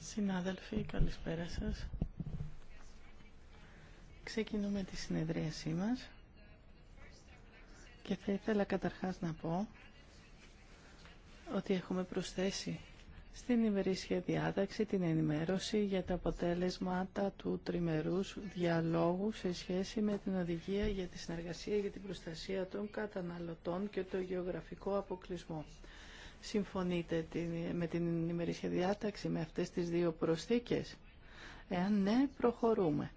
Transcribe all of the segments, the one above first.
Συνάδελφοι, καλησπέρα σας. Ξεκινούμε τη συνεδρίασή μας και θα ήθελα καταρχάς να πω ότι έχουμε προσθέσει στην ημερήσια διάταξη την ενημέρωση για τα αποτέλεσματα του τριμερούς διαλόγου σε σχέση με την οδηγία για τη συνεργασία για την προστασία των καταναλωτών και το γεωγραφικό αποκλεισμό. Συμφωνείτε με την ημερήσια διάταξη, με αυτές τις δύο προσθήκες. Εάν ναι, προχωρούμε.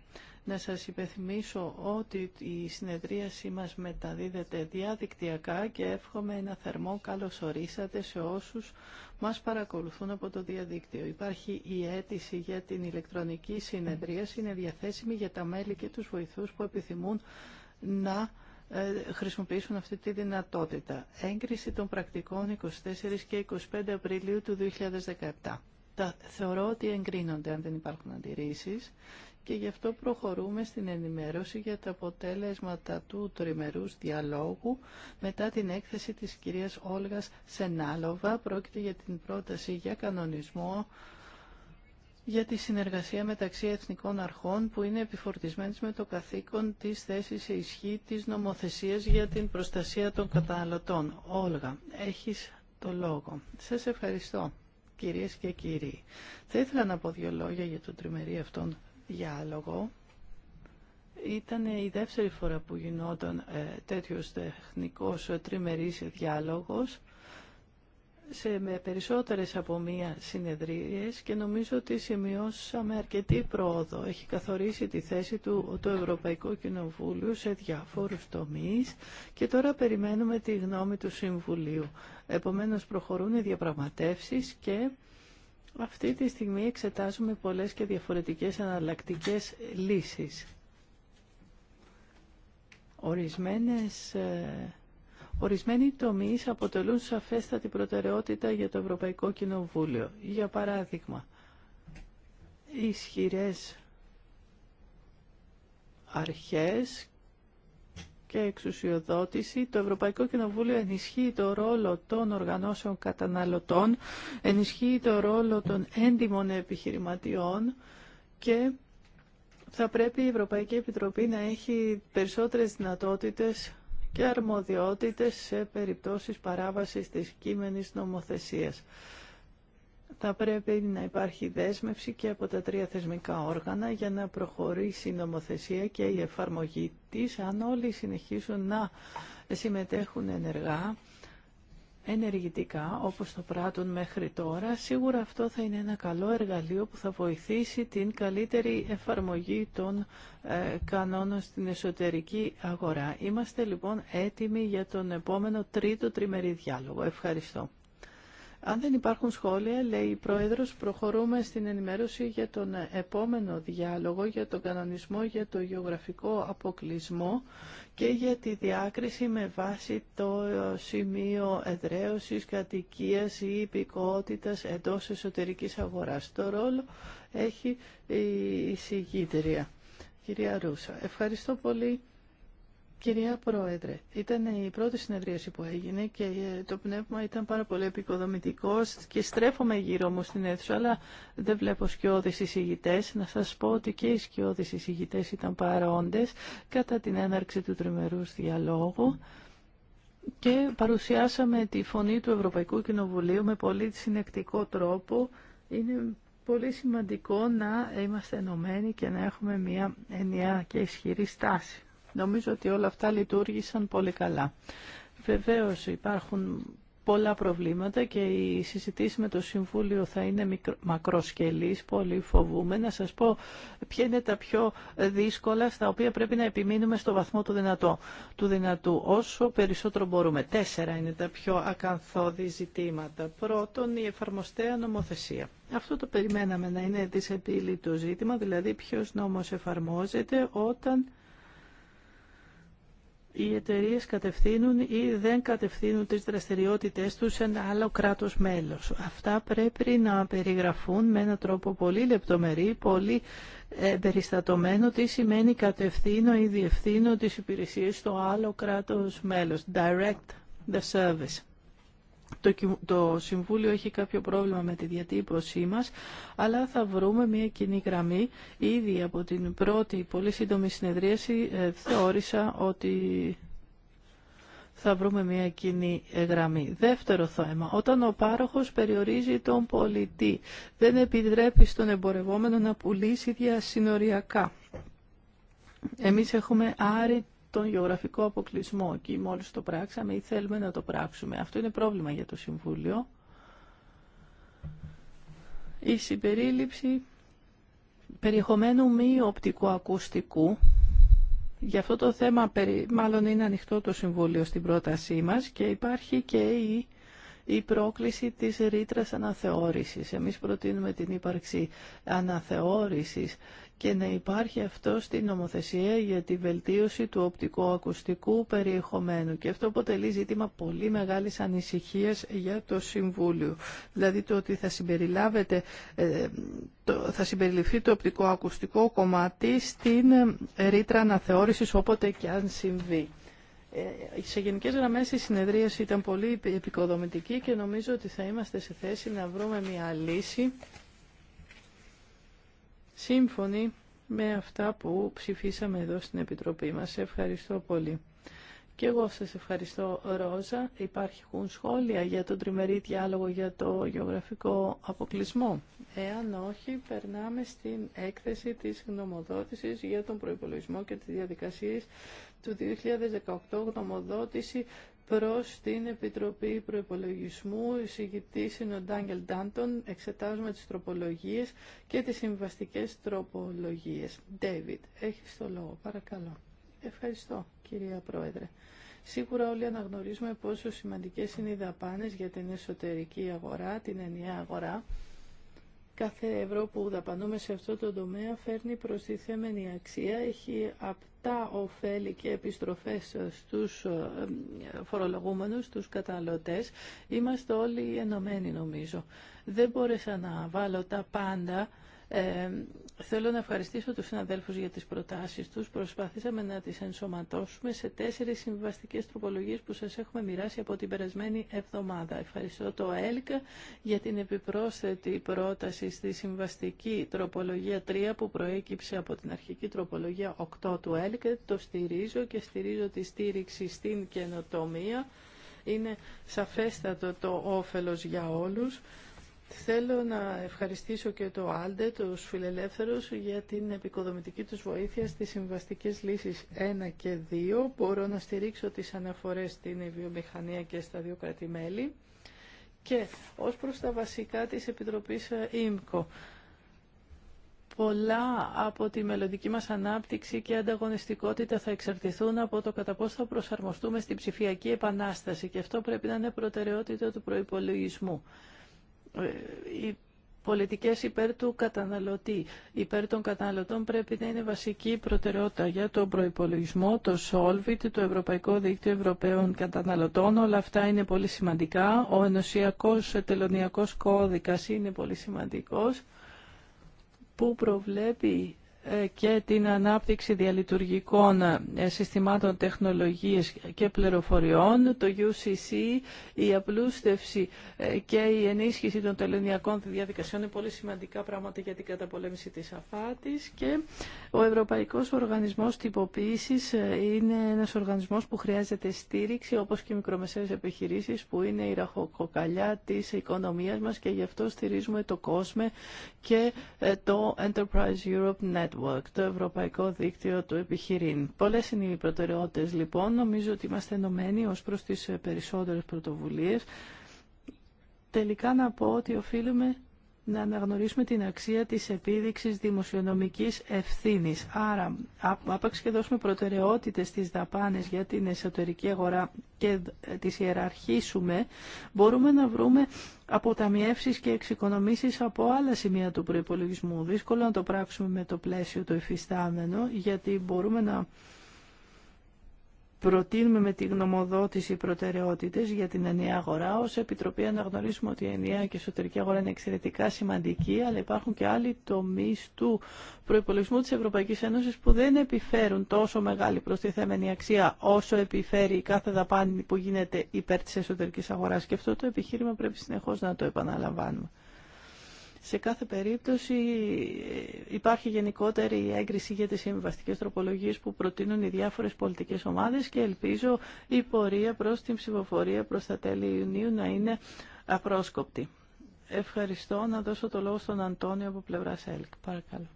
Να σας υπενθυμίσω ότι η συνεδρίασή μας μεταδίδεται διαδικτυακά και εύχομαι ένα θερμό καλώς ορίσατε σε όσους μας παρακολουθούν από το διαδίκτυο. Υπάρχει η αίτηση για την ηλεκτρονική συνεδρίαση, είναι διαθέσιμη για τα μέλη και τους βοηθούς που επιθυμούν να ε, χρησιμοποιήσουν αυτή τη δυνατότητα. Έγκριση των πρακτικών 24 και 25 Απριλίου του 2017. Τα θεωρώ ότι εγκρίνονται αν δεν υπάρχουν αντιρρήσεις και γι' αυτό προχωρούμε στην ενημέρωση για τα αποτέλεσματα του τριμερούς διαλόγου μετά την έκθεση της κυρίας Όλγας Σενάλοβα. Πρόκειται για την πρόταση για κανονισμό για τη συνεργασία μεταξύ εθνικών αρχών που είναι επιφορτισμένες με το καθήκον της θέσης σε ισχύ της νομοθεσίας για την προστασία των καταναλωτών. Όλγα, έχεις το λόγο. Σας ευχαριστώ, κυρίες και κύριοι. Θα ήθελα να πω δύο λόγια για τον τριμερή αυτόν διάλογο. Ήταν η δεύτερη φορά που γινόταν ε, τέτοιος τεχνικός ε, τριμερής διάλογος σε με περισσότερες από μία συνεδρίες και νομίζω ότι σημειώσαμε αρκετή πρόοδο. Έχει καθορίσει τη θέση του το Ευρωπαϊκό Κοινοβούλιο σε διάφορους τομείς και τώρα περιμένουμε τη γνώμη του Συμβουλίου. Επομένως προχωρούν οι διαπραγματεύσεις και αυτή τη στιγμή εξετάζουμε πολλές και διαφορετικές αναλλακτικές λύσεις. Ορισμένες... Ε, Ορισμένοι τομεί αποτελούν σαφέστατη προτεραιότητα για το Ευρωπαϊκό Κοινοβούλιο. Για παράδειγμα, ισχυρές αρχές και εξουσιοδότηση. Το Ευρωπαϊκό Κοινοβούλιο ενισχύει το ρόλο των οργανώσεων καταναλωτών, ενισχύει το ρόλο των έντιμων επιχειρηματιών και θα πρέπει η Ευρωπαϊκή Επιτροπή να έχει περισσότερες δυνατότητες και αρμοδιότητες σε περιπτώσεις παράβασης της κείμενης νομοθεσίας. Θα πρέπει να υπάρχει δέσμευση και από τα τρία θεσμικά όργανα για να προχωρήσει η νομοθεσία και η εφαρμογή της αν όλοι συνεχίσουν να συμμετέχουν ενεργά ενεργητικά όπως το πράττουν μέχρι τώρα, σίγουρα αυτό θα είναι ένα καλό εργαλείο που θα βοηθήσει την καλύτερη εφαρμογή των ε, κανόνων στην εσωτερική αγορά. Είμαστε λοιπόν έτοιμοι για τον επόμενο τρίτο τριμερή διάλογο. Ευχαριστώ. Αν δεν υπάρχουν σχόλια, λέει η Πρόεδρος, προχωρούμε στην ενημέρωση για τον επόμενο διάλογο, για τον κανονισμό, για το γεωγραφικό αποκλεισμό και για τη διάκριση με βάση το σημείο εδραίωσης, κατοικίας ή υπηκότητας εντός εσωτερικής αγοράς. Το ρόλο έχει η συγγύτρια. Κυρία Ρούσα, ευχαριστώ πολύ Κυρία Πρόεδρε, ήταν η πρώτη συνεδρίαση που έγινε και ε, το πνεύμα ήταν πάρα πολύ επικοδομητικό και στρέφομαι γύρω μου στην αίθουσα, αλλά δεν βλέπω σκιώδεις εισηγητές. Να σας πω ότι και οι σκιώδεις εισηγητές ήταν παρόντες κατά την έναρξη του τριμερούς διαλόγου και παρουσιάσαμε τη φωνή του Ευρωπαϊκού Κοινοβουλίου με πολύ συνεκτικό τρόπο. Είναι πολύ σημαντικό να είμαστε ενωμένοι και να έχουμε μια ενιαία και ισχυρή στάση. Νομίζω ότι όλα αυτά λειτουργήσαν πολύ καλά. Βεβαίως υπάρχουν πολλά προβλήματα και η συζητήση με το Συμβούλιο θα είναι μακροσκελής, πολύ φοβούμε. Να σας πω ποια είναι τα πιο δύσκολα στα οποία πρέπει να επιμείνουμε στο βαθμό του, δυνατού, του δυνατού, όσο περισσότερο μπορούμε. Τέσσερα είναι τα πιο ακαθόδη ζητήματα. Πρώτον, η εφαρμοστέα νομοθεσία. Αυτό το περιμέναμε να είναι δυσεπίλητο ζήτημα, δηλαδή ποιος νόμος εφαρμόζεται όταν οι εταιρείες κατευθύνουν ή δεν κατευθύνουν τις δραστηριότητες τους σε ένα άλλο κράτος μέλος. Αυτά πρέπει να περιγραφούν με έναν τρόπο πολύ λεπτομερή, πολύ ε, περιστατωμένο τι σημαίνει κατευθύνω ή διευθύνω τις υπηρεσίες στο άλλο κράτος μέλος. Direct the service. Το Συμβούλιο έχει κάποιο πρόβλημα με τη διατύπωσή μας, αλλά θα βρούμε μια κοινή γραμμή. Ήδη από την πρώτη πολύ σύντομη συνεδρίαση ε, θεώρησα ότι θα βρούμε μια κοινή ε, γραμμή. Δεύτερο θέμα, όταν ο πάροχος περιορίζει τον πολιτή, δεν επιτρέπει στον εμπορευόμενο να πουλήσει διασυνοριακά. Εμείς έχουμε άρρη τον γεωγραφικό αποκλεισμό και μόλις το πράξαμε ή θέλουμε να το πράξουμε. Αυτό είναι πρόβλημα για το Συμβούλιο. Η συμπερίληψη περιεχομένου μη οπτικοακουστικού. Γι' αυτό το θέμα μάλλον είναι ανοιχτό το Συμβούλιο στην πρότασή μας και υπάρχει και η η πρόκληση της ρήτρα αναθεώρησης. Εμείς προτείνουμε την ύπαρξη αναθεώρησης και να υπάρχει αυτό στην νομοθεσία για τη βελτίωση του οπτικοακουστικού περιεχομένου. Και αυτό αποτελεί ζήτημα πολύ μεγάλης ανησυχίας για το Συμβούλιο. Δηλαδή το ότι θα, ε, το θα συμπεριληφθεί το οπτικοακουστικό κομμάτι στην ε, ρήτρα αναθεώρησης όποτε και αν συμβεί. Ε, σε γενικές γραμμές η συνεδρίαση ήταν πολύ επικοδομητική και νομίζω ότι θα είμαστε σε θέση να βρούμε μια λύση σύμφωνοι με αυτά που ψηφίσαμε εδώ στην Επιτροπή μας. Ευχαριστώ πολύ. Και εγώ σας ευχαριστώ Ρόζα. Υπάρχουν σχόλια για τον τριμερή διάλογο για το γεωγραφικό αποκλεισμό. Εάν όχι, περνάμε στην έκθεση της γνωμοδότησης για τον προϋπολογισμό και τις διαδικασίες του 2018 γνωμοδότηση προς την Επιτροπή Προϋπολογισμού. Εισηγητή είναι ο Ντάγγελ Ντάντον. Εξετάζουμε τις τροπολογίες και τις συμβαστικές τροπολογίες. David, έχεις το λόγο. Παρακαλώ. Ευχαριστώ, κυρία Πρόεδρε. Σίγουρα όλοι αναγνωρίζουμε πόσο σημαντικές είναι οι δαπάνες για την εσωτερική αγορά, την ενιαία αγορά. Κάθε ευρώ που δαπανούμε σε αυτό το τομέα φέρνει προστιθέμενη αξία, έχει απτά ωφέλη και επιστροφές στους ε, φορολογούμενους, στους καταναλωτές. Είμαστε όλοι ενωμένοι νομίζω. Δεν μπόρεσα να βάλω τα πάντα ε, θέλω να ευχαριστήσω τους συναδέλφους για τις προτάσεις τους. Προσπαθήσαμε να τις ενσωματώσουμε σε τέσσερις συμβαστικές τροπολογίες που σας έχουμε μοιράσει από την περασμένη εβδομάδα. Ευχαριστώ το ΕΛΚΑ για την επιπρόσθετη πρόταση στη συμβαστική τροπολογία 3 που προέκυψε από την αρχική τροπολογία 8 του ΕΛΚΑ. Το στηρίζω και στηρίζω τη στήριξη στην καινοτομία. Είναι σαφέστατο το όφελος για όλους. Θέλω να ευχαριστήσω και το Άλντε, τους φιλελεύθερους, για την επικοδομητική τους βοήθεια στις συμβαστικές λύσεις 1 και 2. Μπορώ να στηρίξω τις αναφορές στην βιομηχανία και στα δύο κρατημέλη. Και ως προς τα βασικά της Επιτροπής ε, ΙΜΚΟ, πολλά από τη μελλοντική μας ανάπτυξη και ανταγωνιστικότητα θα εξαρτηθούν από το κατά πώς θα προσαρμοστούμε στην ψηφιακή επανάσταση και αυτό πρέπει να είναι προτεραιότητα του προϋπολογισμού. Ε, οι πολιτικές υπέρ του καταναλωτή, υπέρ των καταναλωτών πρέπει να είναι βασική προτεραιότητα για τον προϋπολογισμό, το Solvit, το Ευρωπαϊκό Δίκτυο Ευρωπαίων Καταναλωτών. Όλα αυτά είναι πολύ σημαντικά. Ο ενωσιακός τελωνιακός κώδικας είναι πολύ σημαντικός που προβλέπει και την ανάπτυξη διαλειτουργικών ε, συστημάτων τεχνολογίες και πληροφοριών, το UCC, η απλούστευση ε, και η ενίσχυση των τελωνιακών διαδικασιών είναι πολύ σημαντικά πράγματα για την καταπολέμηση της αφάτης και ο Ευρωπαϊκός Οργανισμός Τυποποίησης ε, είναι ένας οργανισμός που χρειάζεται στήριξη όπως και οι μικρομεσαίες επιχειρήσεις που είναι η ραχοκοκαλιά της οικονομίας μας και γι' αυτό στηρίζουμε το COSME και το Enterprise Europe Net το Ευρωπαϊκό Δίκτυο του Επιχειρήν. Πολλές είναι οι προτεραιότητες λοιπόν. Νομίζω ότι είμαστε ενωμένοι ως προς τις περισσότερες πρωτοβουλίες. Τελικά να πω ότι οφείλουμε να αναγνωρίσουμε την αξία της επίδειξης δημοσιονομικής ευθύνης. Άρα, άπαξ και δώσουμε προτεραιότητες στις δαπάνες για την εσωτερική αγορά και ε, τις ιεραρχήσουμε, μπορούμε να βρούμε αποταμιεύσεις και εξοικονομήσεις από άλλα σημεία του προϋπολογισμού. Δύσκολο να το πράξουμε με το πλαίσιο το υφιστάμενο, γιατί μπορούμε να προτείνουμε με τη γνωμοδότηση προτεραιότητες για την ενιαία αγορά. ω Επιτροπή αναγνωρίσουμε ότι η ενιαία και εσωτερική αγορά είναι εξαιρετικά σημαντική, αλλά υπάρχουν και άλλοι τομεί του προπολογισμού της Ευρωπαϊκής Ένωση που δεν επιφέρουν τόσο μεγάλη προστιθέμενη αξία όσο επιφέρει η κάθε δαπάνη που γίνεται υπέρ τη εσωτερική αγορά. Και αυτό το επιχείρημα πρέπει συνεχώ να το επαναλαμβάνουμε. Σε κάθε περίπτωση ε, υπάρχει γενικότερη έγκριση για τις συμβαστικές τροπολογίες που προτείνουν οι διάφορες πολιτικές ομάδες και ελπίζω η πορεία προς την ψηφοφορία προς τα τέλη Ιουνίου να είναι απρόσκοπτη. Ευχαριστώ. Να δώσω το λόγο στον Αντώνιο από πλευρά ΣΕΛΚ. Παρακαλώ.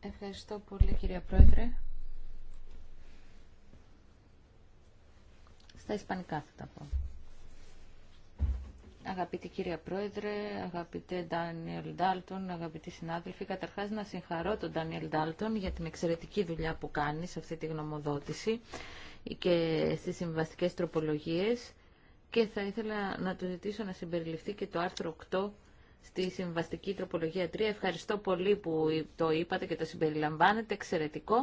Ευχαριστώ πολύ κυρία Πρόεδρε. Στα ισπανικά θα τα πω. Αγαπητή κυρία Πρόεδρε, αγαπητέ Ντάνιελ Ντάλτον, αγαπητοί συνάδελφοι, καταρχάς να συγχαρώ τον Ντάνιελ Ντάλτον για την εξαιρετική δουλειά που κάνει σε αυτή τη γνωμοδότηση και στις συμβαστικές τροπολογίες και θα ήθελα να του ζητήσω να συμπεριληφθεί και το άρθρο 8 στη συμβαστική τροπολογία 3. Ευχαριστώ πολύ που το είπατε και το συμπεριλαμβάνετε, εξαιρετικό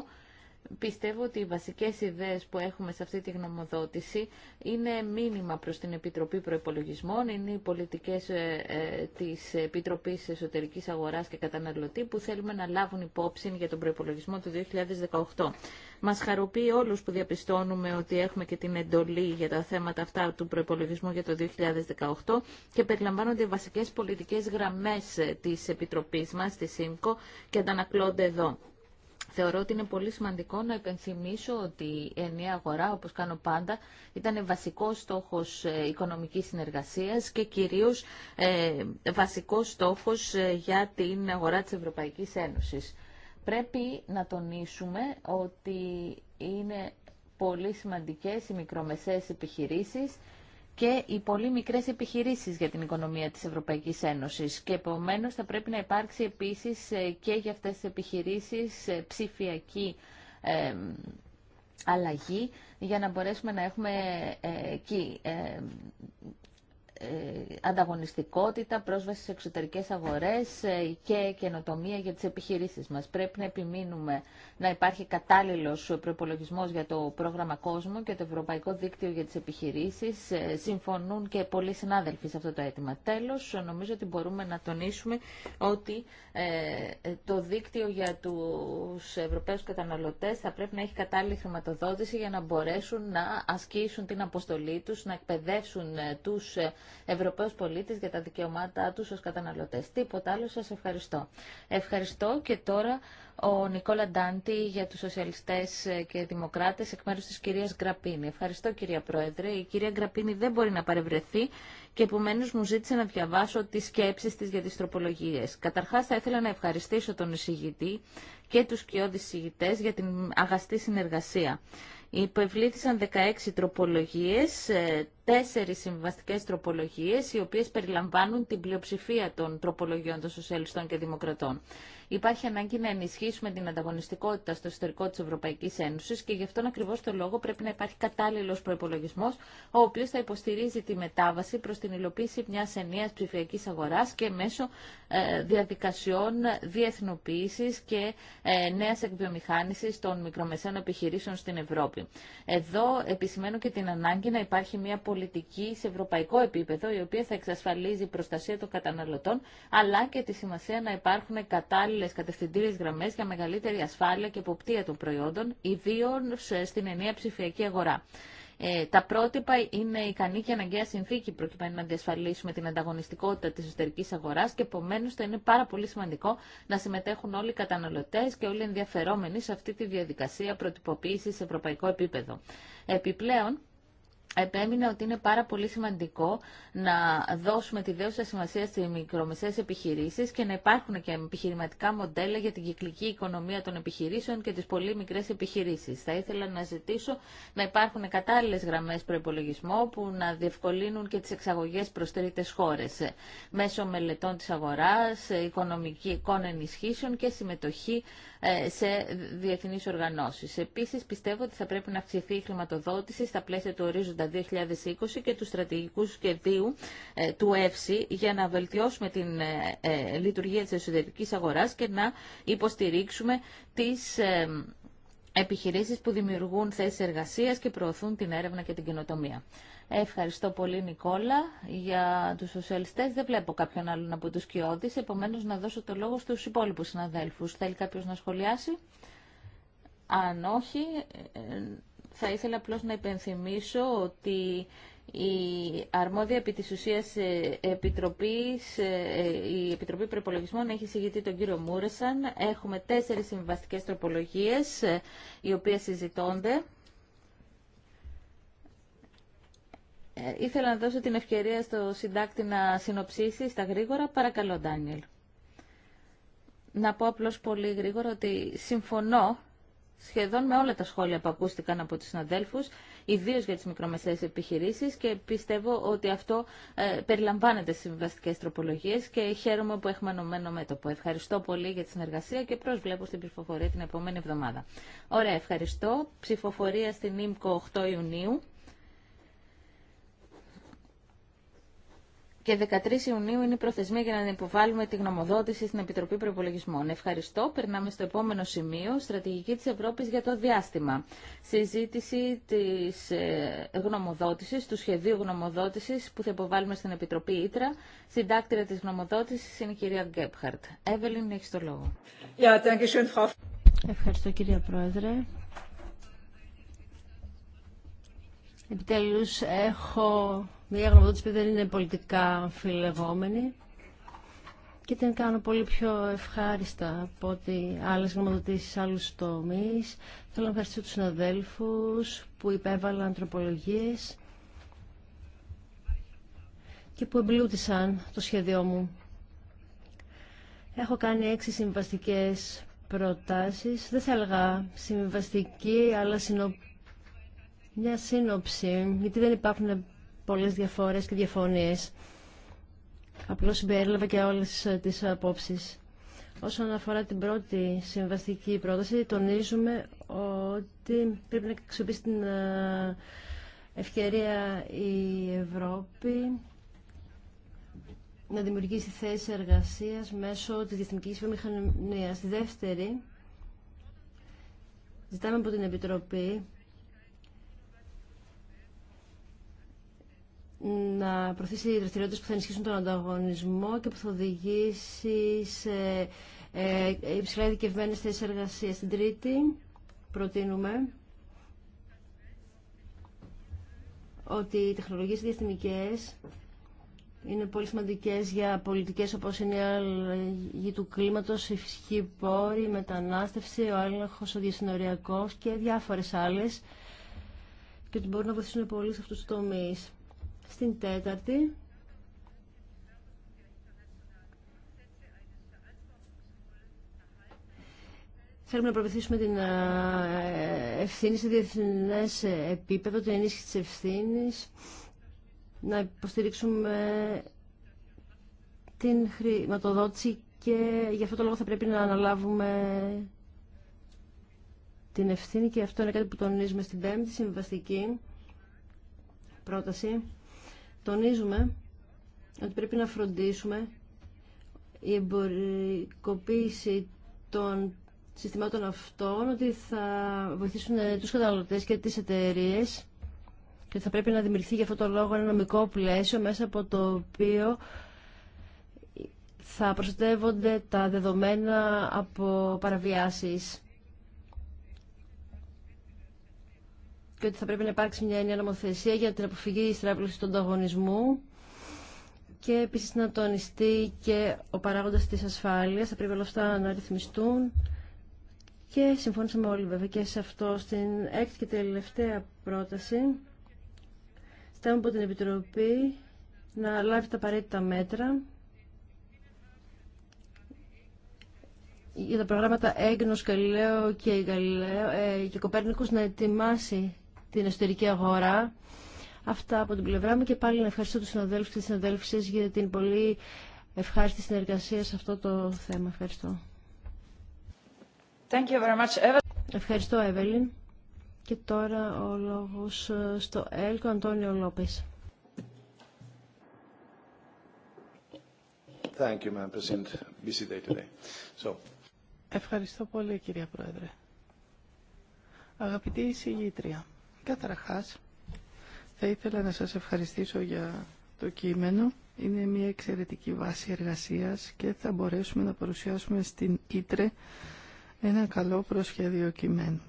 Πιστεύω ότι οι βασικές ιδέες που έχουμε σε αυτή τη γνωμοδότηση είναι μήνυμα προς την Επιτροπή Προϋπολογισμών, είναι οι πολιτικές ε, ε, της Επιτροπής Εσωτερικής Αγοράς και Καταναλωτή που θέλουμε να λάβουν υπόψη για τον προϋπολογισμό του 2018. Μας χαροποιεί όλους που διαπιστώνουμε ότι έχουμε και την εντολή για τα θέματα αυτά του προϋπολογισμού για το 2018 και περιλαμβάνονται οι βασικές πολιτικές γραμμές ε, της Επιτροπής μας, της ΣΥΜΚΟ και αντανακλώνται εδώ. Θεωρώ ότι είναι πολύ σημαντικό να υπενθυμίσω ότι η ενιαία αγορά, όπως κάνω πάντα, ήταν βασικός στόχος ε, οικονομικής συνεργασίας και κυρίως ε, βασικός στόχος ε, για την αγορά της Ευρωπαϊκής Ένωσης. Πρέπει να τονίσουμε ότι είναι πολύ σημαντικές οι μικρομεσαίες επιχειρήσεις και οι πολύ μικρές επιχειρήσεις για την οικονομία της Ευρωπαϊκής Ένωσης. Και επομένω θα πρέπει να υπάρξει επίσης ε, και για αυτές τις επιχειρήσεις ε, ψηφιακή αλλαγή για να μπορέσουμε να έχουμε ε, εκεί ε, ανταγωνιστικότητα, πρόσβαση σε εξωτερικές αγορές ε, και καινοτομία για τις επιχειρήσεις μας. Πρέπει να επιμείνουμε να υπάρχει κατάλληλος προπολογισμό για το πρόγραμμα Κόσμο και το Ευρωπαϊκό Δίκτυο για τις Επιχειρήσεις. Ε, συμφωνούν και πολλοί συνάδελφοι σε αυτό το αίτημα. Τέλος, νομίζω ότι μπορούμε να τονίσουμε ότι το δίκτυο για τους Ευρωπαίους καταναλωτές θα πρέπει να έχει κατάλληλη χρηματοδότηση για να μπορέσουν να ασκήσουν την αποστολή τους, να εκπαιδεύσουν τους Ευρωπαίους πολίτες για τα δικαιωμάτά του ως καταναλωτέ. Τίποτα άλλο σα ευχαριστώ. Ευχαριστώ και τώρα ο Νικόλα Ντάντι για του Σοσιαλιστέ και δημοκράτε εκ μέρου τη κυρία Γκραπίνη. Ευχαριστώ κυρία Πρόεδρε. Η κυρία Γκραπίνη δεν μπορεί να παρευρεθεί και επομένω μου ζήτησε να διαβάσω τι σκέψει τη για τι τροπολογίε. Καταρχάς θα ήθελα να ευχαριστήσω τον εισηγητή και του κοιόδης εισηγητέ για την αγαστή συνεργασία. Υπευλήθησαν 16 τροπολογίε. Ε, τέσσερις συμβαστικές τροπολογίες, οι οποίες περιλαμβάνουν την πλειοψηφία των τροπολογιών των σοσιαλιστών και δημοκρατών. Υπάρχει ανάγκη να ενισχύσουμε την ανταγωνιστικότητα στο εσωτερικό της Ευρωπαϊκής Ένωσης και γι' αυτόν ακριβώς το λόγο πρέπει να υπάρχει κατάλληλος προϋπολογισμός, ο οποίος θα υποστηρίζει τη μετάβαση προς την υλοποίηση μιας ενιαίας ψηφιακής αγοράς και μέσω ε, διαδικασιών διεθνοποίησης και ε, νέας εκβιομηχάνησης των μικρομεσαίων επιχειρήσεων στην Ευρώπη. Εδώ επισημαίνω και την ανάγκη να υπάρχει μια πολιτική σε ευρωπαϊκό επίπεδο, η οποία θα εξασφαλίζει προστασία των καταναλωτών, αλλά και τη σημασία να υπάρχουν κατάλληλε κατευθυντήριε γραμμέ για μεγαλύτερη ασφάλεια και εποπτεία των προϊόντων, ιδίω στην ενιαία ψηφιακή αγορά. Ε, τα πρότυπα είναι ικανή και αναγκαία συνθήκη προκειμένου να διασφαλίσουμε την ανταγωνιστικότητα τη εσωτερική αγορά και επομένω θα είναι πάρα πολύ σημαντικό να συμμετέχουν όλοι οι καταναλωτέ και όλοι οι ενδιαφερόμενοι σε αυτή τη διαδικασία προτυποποίηση σε ευρωπαϊκό επίπεδο. Επιπλέον, Επέμεινε ότι είναι πάρα πολύ σημαντικό να δώσουμε τη δέουσα σημασία στις μικρομεσαίες επιχειρήσεις και να υπάρχουν και επιχειρηματικά μοντέλα για την κυκλική οικονομία των επιχειρήσεων και τις πολύ μικρές επιχειρήσεις. Θα ήθελα να ζητήσω να υπάρχουν κατάλληλες γραμμές προπολογισμού που να διευκολύνουν και τις εξαγωγές προς τρίτες χώρες μέσω μελετών της αγοράς, οικονομικών ενισχύσεων και συμμετοχή ε, σε διεθνείς οργανώσεις. Επίσης, πιστεύω ότι θα πρέπει να αυξηθεί η χρηματοδότηση στα πλαίσια του ορίζοντα 2020 και του στρατηγικού σχεδίου ε, του ΕΦΣΥ για να βελτιώσουμε την ε, ε, λειτουργία της εσωτερικής αγοράς και να υποστηρίξουμε τις επιχειρήσεις που δημιουργούν θέσεις εργασίας και προωθούν την έρευνα και την καινοτομία. Ευχαριστώ πολύ Νικόλα. Για τους σοσιαλιστές δεν βλέπω κάποιον άλλον από τους κοιόδης, επομένως να δώσω το λόγο στους υπόλοιπους συναδέλφους. Θέλει κάποιος να σχολιάσει. Αν όχι, θα ήθελα απλώ να υπενθυμίσω ότι η αρμόδια επί της ουσίας ε, επιτροπής, ε, ε, η Επιτροπή Προπολογισμών έχει συγγητεί τον κύριο Μούρεσαν. Έχουμε τέσσερις συμβαστικές τροπολογίες, οι οποίες συζητώνται. Ήθελα να δώσω την ευκαιρία στο συντάκτη να συνοψίσει στα γρήγορα. Παρακαλώ, Ντάνιελ. Να πω απλώς πολύ γρήγορα ότι συμφωνώ σχεδόν με όλα τα σχόλια που ακούστηκαν από τους συναδέλφους, ιδίω για τις μικρομεσαίες επιχειρήσεις και πιστεύω ότι αυτό ε, περιλαμβάνεται στις συμβαστικές τροπολογίες και χαίρομαι που έχουμε ενωμένο μέτωπο. Ευχαριστώ πολύ για τη συνεργασία και προσβλέπω στην ψηφοφορία την επόμενη εβδομάδα. Ωραία, ευχαριστώ. Ψηφοφορία στην ΙΜΚΟ 8 Ιουνίου. και 13 Ιουνίου είναι η προθεσμία για να υποβάλουμε τη γνωμοδότηση στην Επιτροπή Προπολογισμών. Ευχαριστώ. Περνάμε στο επόμενο σημείο, στρατηγική της Ευρώπης για το διάστημα. Συζήτηση της ε, γνωμοδότησης, του σχεδίου γνωμοδότησης που θα υποβάλουμε στην Επιτροπή Ήτρα. Συντάκτηρα της γνωμοδότησης είναι η κυρία Γκέπχαρτ. Εύελιν, έχει το λόγο. Ευχαριστώ κυρία Πρόεδρε. έχω μια γνωμοδότηση που δεν είναι πολιτικά φιλεγόμενη και την κάνω πολύ πιο ευχάριστα από ότι άλλες γνωμοδοτήσεις, άλλους τομείς. Θέλω να ευχαριστήσω τους συναδέλφου που υπέβαλαν ανθρωπολογίες και που εμπλούτησαν το σχέδιό μου. Έχω κάνει έξι συμβαστικές προτάσεις. Δεν θα έλεγα συμβαστική, αλλά συνο... μια σύνοψη, γιατί δεν υπάρχουν πολλές διαφορές και διαφωνίες. Απλώς συμπερίλαβα και όλες ε, τις απόψεις. Όσον αφορά την πρώτη συμβαστική πρόταση, τονίζουμε ότι πρέπει να αξιοποιήσει την ε, ευκαιρία η Ευρώπη να δημιουργήσει θέσεις εργασίας μέσω της διεθνικής βιομηχανίας. Στη δεύτερη, ζητάμε από την Επιτροπή να προωθήσει δραστηριότητε που θα ενισχύσουν τον ανταγωνισμό και που θα οδηγήσει σε ε, ε υψηλά ειδικευμένε θέσει εργασία. Στην Τρίτη, προτείνουμε ότι οι τεχνολογίε διεθνικέ είναι πολύ σημαντικέ για πολιτικέ όπω είναι η αλλαγή του κλίματο, η φυσική πόρη, η μετανάστευση, ο έλεγχο, ο διασυνοριακό και διάφορε άλλε και ότι μπορούν να βοηθήσουν πολύ σε αυτού του τομεί. Στην τέταρτη, Θέλουμε να προωθήσουμε την ε, ευθύνη σε διεθνέ επίπεδο, την ενίσχυση της ευθύνη, να υποστηρίξουμε την χρηματοδότηση και γι' αυτό το λόγο θα πρέπει να αναλάβουμε την ευθύνη και αυτό είναι κάτι που τονίζουμε στην πέμπτη συμβαστική πρόταση τονίζουμε ότι πρέπει να φροντίσουμε η εμπορικοποίηση των συστημάτων αυτών ότι θα βοηθήσουν ε, τους καταναλωτές και τις εταιρείε και θα πρέπει να δημιουργηθεί για αυτό το λόγο ένα νομικό πλαίσιο μέσα από το οποίο θα προστατεύονται τα δεδομένα από παραβιάσεις. και ότι θα πρέπει να υπάρξει μια ενιαία νομοθεσία για την αποφυγή της τράπεζας του ανταγωνισμού και επίσης να τονιστεί και ο παράγοντας της ασφάλειας. Θα πρέπει όλα αυτά να ρυθμιστούν και συμφώνησαμε όλοι βέβαια και σε αυτό στην έκτη και τελευταία πρόταση. Στάμε από την Επιτροπή να λάβει τα απαραίτητα μέτρα για τα προγράμματα Έγνος, Καλλιλέο και ε, και Κοπέρνικος να ετοιμάσει την εσωτερική αγορά. Αυτά από την πλευρά μου και πάλι να ευχαριστώ τους συναδέλφους και τις συναδέλφισες για την πολύ ευχάριστη συνεργασία σε αυτό το θέμα. Ευχαριστώ. Thank you very much, ευχαριστώ, Εύελιν. Και τώρα ο λόγος ε, στο ΕΛΚΟ Αντώνιο Λόπες. Thank you, today. So. Ευχαριστώ πολύ, κυρία Πρόεδρε. Αγαπητή εισηγήτρια, Καταρχάς, θα ήθελα να σας ευχαριστήσω για το κείμενο. Είναι μια εξαιρετική βάση εργασίας και θα μπορέσουμε να παρουσιάσουμε στην Ήτρε ένα καλό προσχέδιο κειμένου.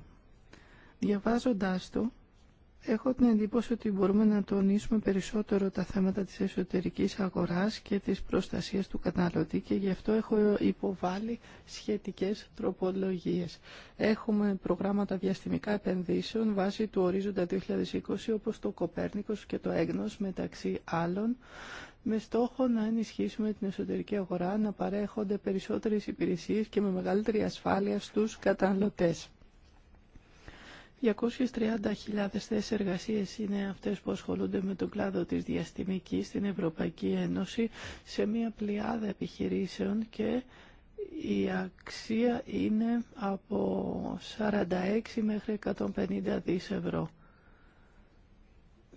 Διαβάζοντάς το, Έχω την εντύπωση ότι μπορούμε να τονίσουμε περισσότερο τα θέματα της εσωτερικής αγοράς και της προστασίας του καταναλωτή και γι' αυτό έχω υποβάλει σχετικές τροπολογίες. Έχουμε προγράμματα διαστημικά επενδύσεων βάσει του ορίζοντα 2020 όπως το Κοπέρνικος και το Έγνος μεταξύ άλλων με στόχο να ενισχύσουμε την εσωτερική αγορά, να παρέχονται περισσότερες υπηρεσίες και με μεγαλύτερη ασφάλεια στους καταναλωτές. 230.000 θέσεις εργασίας είναι αυτές που ασχολούνται με τον κλάδο της διαστημικής στην Ευρωπαϊκή Ένωση σε μια πλειάδα επιχειρήσεων και η αξία είναι από 46 μέχρι 150 δις ευρώ.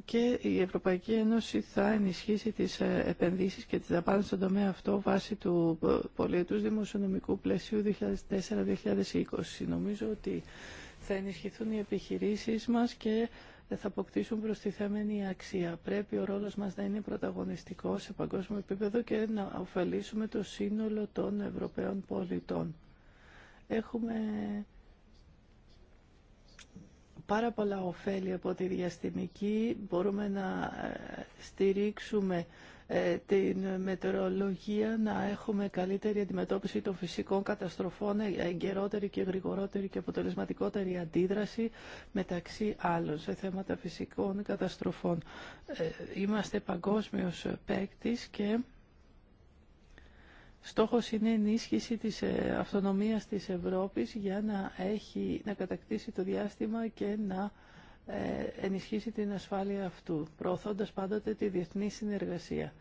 Και η Ευρωπαϊκή Ένωση θα ενισχύσει τις ε, επενδύσεις και τις δαπάνες στον τομέα αυτό βάσει του ε, πολιετούς δημοσιονομικού πλαισίου 2004-2020. Νομίζω ότι θα ενισχυθούν οι επιχειρήσεις μας και θα αποκτήσουν προστιθέμενη αξία. Πρέπει ο ρόλος μας να είναι πρωταγωνιστικό σε παγκόσμιο επίπεδο και να ωφελήσουμε το σύνολο των Ευρωπαίων πολιτών. Έχουμε πάρα πολλά ωφέλη από τη διαστημική. Μπορούμε να ε, στηρίξουμε ε, την μετεωρολογία να έχουμε καλύτερη αντιμετώπιση των φυσικών καταστροφών, ε, εγκαιρότερη και γρηγορότερη και αποτελεσματικότερη αντίδραση μεταξύ άλλων σε θέματα φυσικών καταστροφών. Ε, είμαστε παγκόσμιος παίκτη και στόχος είναι η ενίσχυση της αυτονομίας της Ευρώπης για να, έχει, να κατακτήσει το διάστημα και να ε, ενισχύσει την ασφάλεια αυτού, προωθώντας πάντοτε τη διεθνή συνεργασία.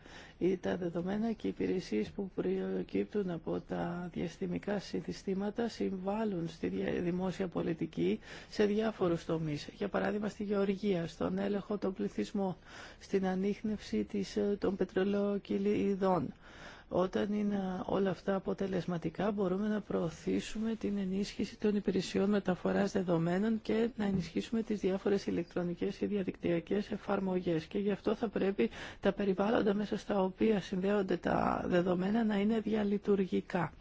Τα δεδομένα και οι υπηρεσίες που προκύπτουν από τα διαστημικά συστήματα συμβάλλουν στη δημόσια πολιτική σε διάφορους τομείς. Για παράδειγμα στη γεωργία, στον έλεγχο των πληθυσμών, στην ανείχνευση ε, των πετρελαιοκυλιδών όταν είναι όλα αυτά αποτελεσματικά μπορούμε να προωθήσουμε την ενίσχυση των υπηρεσιών μεταφοράς δεδομένων και να ενισχύσουμε τις διάφορες ηλεκτρονικές ή διαδικτυακές εφαρμογές. Και γι' αυτό θα πρέπει τα περιβάλλοντα μέσα στα οποία συνδέονται τα δεδομένα να είναι διαλειτουργικά.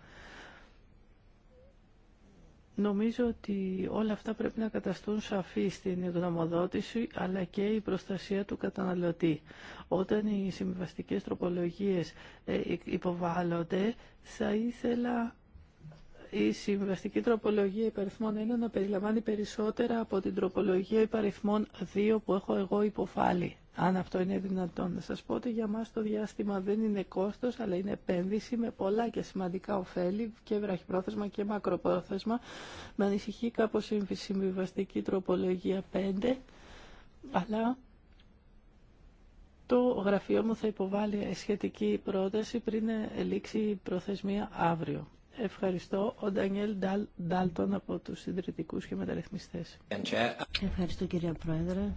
Νομίζω ότι όλα αυτά πρέπει να καταστούν σαφή στην γνωμοδότηση αλλά και η προστασία του καταναλωτή. Όταν οι συμβαστικές τροπολογίες ε, υποβάλλονται θα ήθελα η συμβαστική τροπολογία υπαριθμών 1 να περιλαμβάνει περισσότερα από την τροπολογία υπαριθμών 2 που έχω εγώ υποφάλει. Αν αυτό είναι δυνατόν να σας πω ότι για μας το διάστημα δεν είναι κόστος αλλά είναι επένδυση με πολλά και σημαντικά ωφέλη και βραχυπρόθεσμα και μακροπρόθεσμα. Με ανησυχεί κάπως η συμβιβαστική τροπολογία 5 αλλά το γραφείο μου θα υποβάλει σχετική πρόταση πριν λήξει η προθεσμία αύριο. Ευχαριστώ. Ο Ντανιέλ Ντάλτον από τους συντηρητικούς και μεταρρυθμιστές. Ευχαριστώ κυρία Πρόεδρε.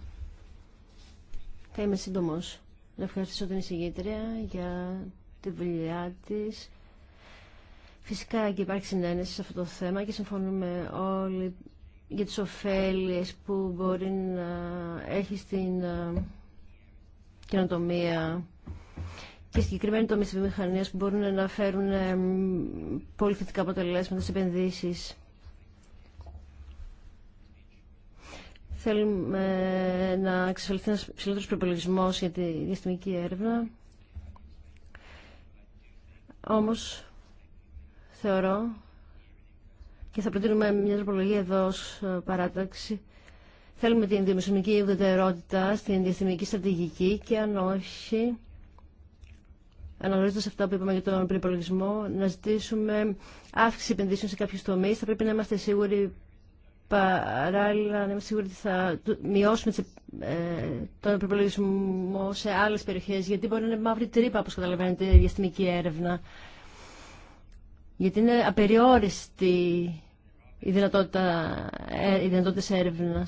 Θα είμαι σύντομος. Να ευχαριστήσω την εισηγήτρια για τη δουλειά της. Φυσικά και υπάρχει συνένεση σε αυτό το θέμα και συμφωνούμε όλοι για τις ωφέλειες που μπορεί να έχει στην ε, καινοτομία και συγκεκριμένοι τομείς βιομηχανίας που μπορούν να φέρουν πολύ θετικά αποτελέσματα στις επενδύσεις. Θέλουμε ε, να εξασφαλιστεί ένα ψηλότερο προπολογισμό για τη διαστημική έρευνα. Όμω, θεωρώ και θα προτείνουμε μια τροπολογία εδώ ως ε, παράταξη. Θέλουμε την διαμεσονική ουδετερότητα στην διαστημική στρατηγική και αν όχι αναγνωρίζοντα αυτά που είπαμε για τον προπολογισμό, να ζητήσουμε αύξηση επενδύσεων σε κάποιου τομεί. Θα πρέπει να είμαστε σίγουροι παράλληλα, να είμαστε σίγουροι ότι θα μειώσουμε ε, τον προπολογισμό σε άλλε περιοχέ, γιατί μπορεί να είναι μαύρη τρύπα, όπω καταλαβαίνετε, η διαστημική έρευνα. Γιατί είναι απεριόριστη η δυνατότητα, ε, δυνατότητε έρευνα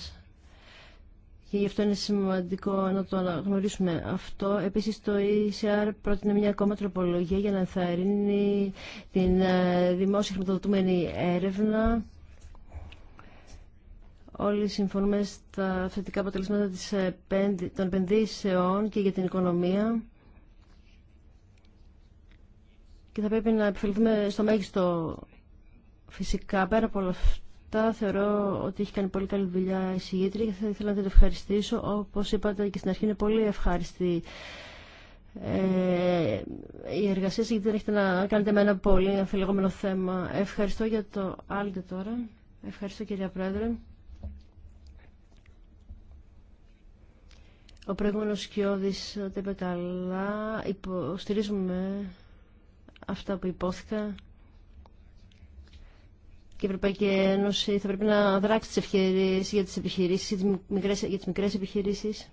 και γι' αυτό είναι σημαντικό να το αναγνωρίσουμε αυτό. Επίσης το ECR πρότεινε μια ακόμα τροπολογία για να ενθαρρύνει την ε, δημόσια χρηματοδοτούμενη έρευνα. Όλοι συμφωνούμε στα θετικά αποτελέσματα ε, των επενδύσεων και για την οικονομία και θα πρέπει να επιφελθούμε στο μέγιστο φυσικά πέρα από όλα αυτά Αυτά θεωρώ ότι έχει κάνει πολύ καλή δουλειά η συγγήτρια και θα ήθελα να την ευχαριστήσω. Όπως είπατε και στην αρχή είναι πολύ ευχάριστη ε, η εργασία γιατί δεν έχετε να κάνετε με ένα πολύ αμφιλεγόμενο θέμα. Ευχαριστώ για το άλλο τώρα. Ευχαριστώ κυρία Πρόεδρε. Ο προηγούμενο Σκιώδης τα είπε καλά. Υποστηρίζουμε αυτά που υπόθηκα και η Ευρωπαϊκή Ένωση θα πρέπει να δράξει τις ευκαιρίες για τις επιχειρήσεις, για τις μικρές, επιχειρήσεις,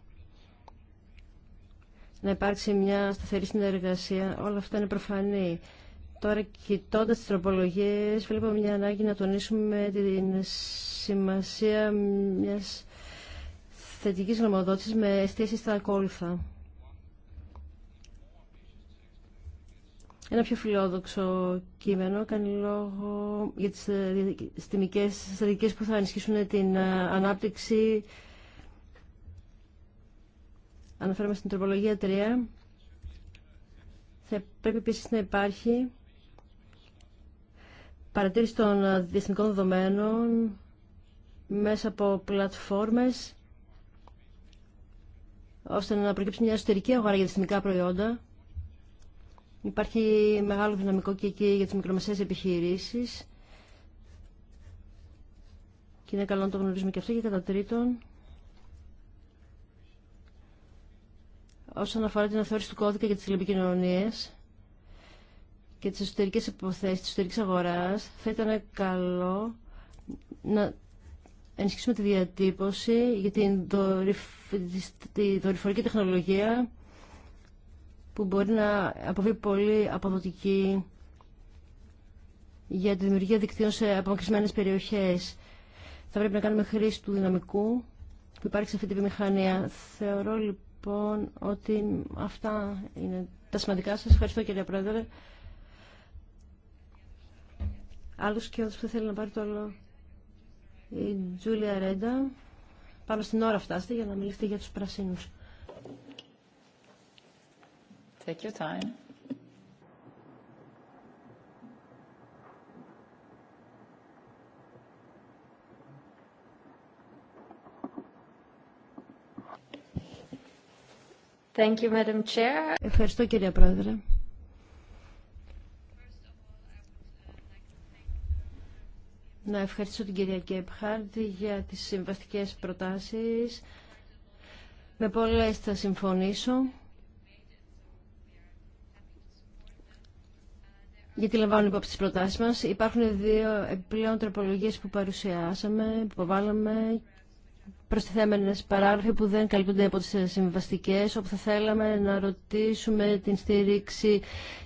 να υπάρξει μια σταθερή συνεργασία. Όλα αυτά είναι προφανή. Τώρα, κοιτώντα τι τροπολογίε, βλέπω μια ανάγκη να τονίσουμε την σημασία μια θετική γνωμοδότηση με εστίαση στα ακόλουθα. ένα πιο φιλόδοξο κείμενο κάνει λόγο για τις στιμικές ε, στρατηγικές που θα ενισχύσουν την ε, ανάπτυξη. Αναφέρομαι στην τροπολογία 3. Θα πρέπει επίση να υπάρχει παρατήρηση των ε, διεθνικών δεδομένων μέσα από πλατφόρμες ώστε να προκύψει μια εσωτερική αγορά για διεθνικά προϊόντα Υπάρχει μεγάλο δυναμικό και εκεί για τις μικρομεσαίες επιχειρήσεις. Και είναι καλό να το γνωρίζουμε και αυτό. Και κατά τρίτον, όσον αφορά την αθεώρηση του κώδικα για τις τηλεπικοινωνίες και τις εσωτερικές υποθέσεις της εσωτερικής αγοράς, θα ήταν καλό να ενισχύσουμε τη διατύπωση για την δορυφορική τεχνολογία που μπορεί να αποβεί πολύ αποδοτική για τη δημιουργία δικτύων σε απομακρυσμένες περιοχές. Θα πρέπει να κάνουμε χρήση του δυναμικού που υπάρχει σε αυτή τη βιομηχανία. Θεωρώ λοιπόν ότι αυτά είναι τα σημαντικά σας. Ευχαριστώ κύριε Πρόεδρε. Άλλος και όλος που θέλει να πάρει το όλο η Τζούλια Ρέντα. πάμε στην ώρα φτάστε για να μιλήσετε για τους πρασίνους. Take your time. Thank you, Madam Chair. Ευχαριστώ κυρία Πρόεδρε. Να ευχαριστήσω την κυρία Κέπχαρντ για τις συμβαστικές προτάσεις. Με πολλές θα συμφωνήσω. γιατί λαμβάνουν υπόψη τις προτάσεις μας. Υπάρχουν δύο επιπλέον τροπολογίες που παρουσιάσαμε, που βάλαμε προστιθέμενες παράγραφοι που δεν καλύπτονται από τις συμβαστικές, όπου θα θέλαμε να ρωτήσουμε την στήριξη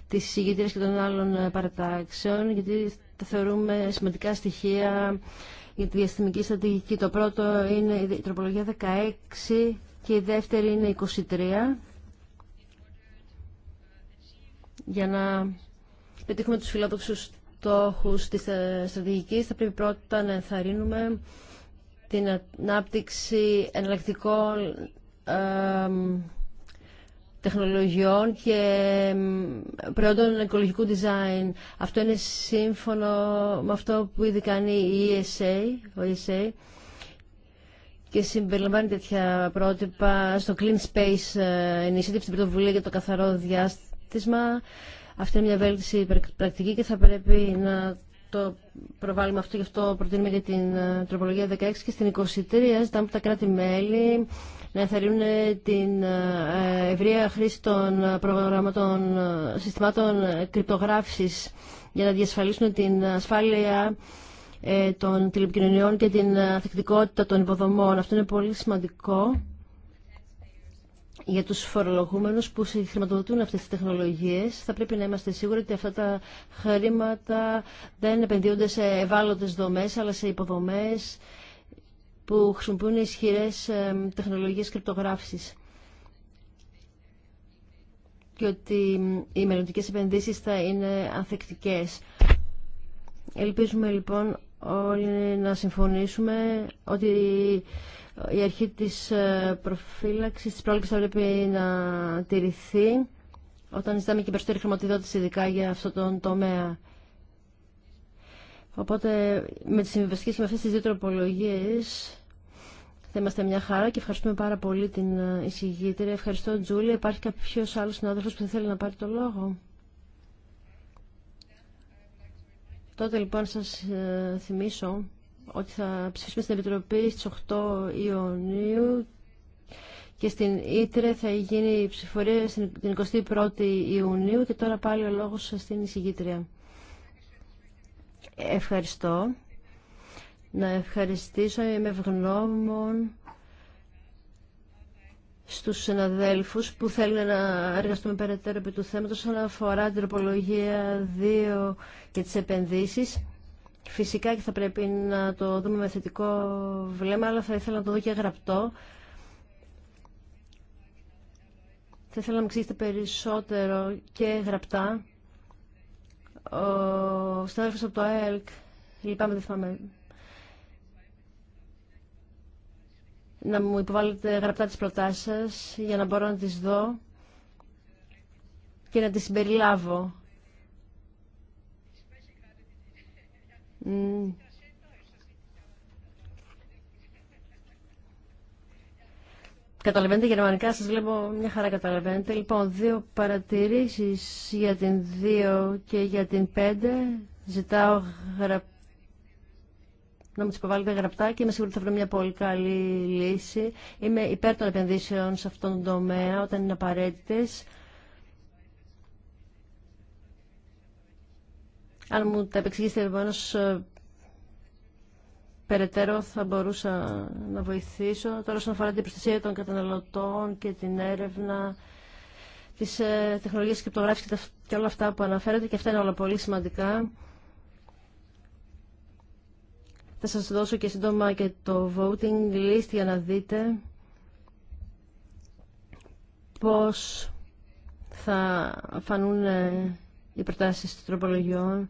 της συγκεκριτήρας και των άλλων παρατάξεων, γιατί τα θεωρούμε σημαντικά στοιχεία για τη διαστημική στρατηγική. Το πρώτο είναι η τροπολογία 16 και η δεύτερη είναι 23 για να πετύχουμε τους φιλόδοξους στόχους της ε, στρατηγικής, θα πρέπει πρώτα να ενθαρρύνουμε την ανάπτυξη εναλλακτικών τεχνολογιών και προϊόντων οικολογικού design. Αυτό είναι σύμφωνο με αυτό που ήδη κάνει η ESA, ο ESA και συμπεριλαμβάνει τέτοια πρότυπα στο Clean Space ε, Initiative, στην πρωτοβουλία για το καθαρό διάστημα. Αυτή είναι μια βέλτιση πρακτική και θα πρέπει να το προβάλλουμε αυτό. Γι' αυτό προτείνουμε για την ε, τροπολογία 16 και στην 23 ζητάμε από τα κράτη-μέλη να ενθαρρύνουν την ε, ευρεία χρήση των προγραμμάτων ε, συστημάτων κρυπτογράφησης για να διασφαλίσουν την ασφάλεια των τηλεπικοινωνιών και την αθεκτικότητα των υποδομών. Αυτό είναι πολύ σημαντικό για τους φορολογούμενους που χρηματοδοτούν αυτές τις τεχνολογίες θα πρέπει να είμαστε σίγουροι ότι αυτά τα χρήματα δεν επενδύονται σε ευάλωτες δομές αλλά σε υποδομές που χρησιμοποιούν ισχυρές τεχνολογίες κρυπτογράφησης και ότι οι μελλοντικές επενδύσεις θα είναι ανθεκτικές. Ελπίζουμε λοιπόν όλοι να συμφωνήσουμε ότι η αρχή της ε, προφύλαξης, της πρόληψης θα πρέπει να τηρηθεί όταν ζητάμε και περισσότερη χρηματοδότηση ειδικά για αυτόν τον τομέα. Οπότε με τις και με αυτές τις δύο τροπολογίες θα είμαστε μια χαρά και ευχαριστούμε πάρα πολύ την ε, εισηγήτρια. Ευχαριστώ Τζούλη. Υπάρχει κάποιος άλλος συνάδελφος που θα θέλει να πάρει το λόγο. Τότε λοιπόν σας ε, θυμίσω ότι θα ψηφίσουμε στην Επιτροπή στις 8 Ιουνίου και στην Ήτρε θα γίνει η ψηφορία στην 21η Ιουνίου και τώρα πάλι ο λόγος στην εισηγήτρια. Ευχαριστώ. Να ευχαριστήσω, είμαι ευγνώμων στους συναδέλφους που θέλουν να εργαστούμε περαιτέρω επί του θέματος όσον αφορά την τροπολογία 2 και τις επενδύσεις. Φυσικά και θα πρέπει να το δούμε με θετικό βλέμμα, αλλά θα ήθελα να το δω και γραπτό. Θα ήθελα να μου περισσότερο και γραπτά. Ο συνάδελφος από το ΑΕΛΚ, λυπάμαι δεν θυμάμαι, να μου υποβάλλετε γραπτά τις προτάσεις σας για να μπορώ να τις δω και να τις συμπεριλάβω Καταλαβαίνετε γερμανικά, σας βλέπω μια χαρά καταλαβαίνετε. Λοιπόν, δύο παρατηρήσεις για την 2 και για την 5. Ζητάω να μου τις υποβάλλετε γραπτά και είμαι σίγουρη ότι θα βρω μια πολύ καλή λύση. Είμαι υπέρ των επενδύσεων σε αυτόν τον τομέα όταν είναι απαραίτητες. Αν μου τα επεξηγήσετε επομένω ε, περαιτέρω θα μπορούσα να βοηθήσω. Τώρα όσον αφορά την προστασία των καταναλωτών και την έρευνα ε, της ε, τεχνολογίας κρυπτογράφηση και, και όλα αυτά που αναφέρατε και αυτά είναι όλα πολύ σημαντικά. Θα σας δώσω και σύντομα και το voting list για να δείτε πώς θα φανούν ε, οι προτάσεις των τροπολογιών.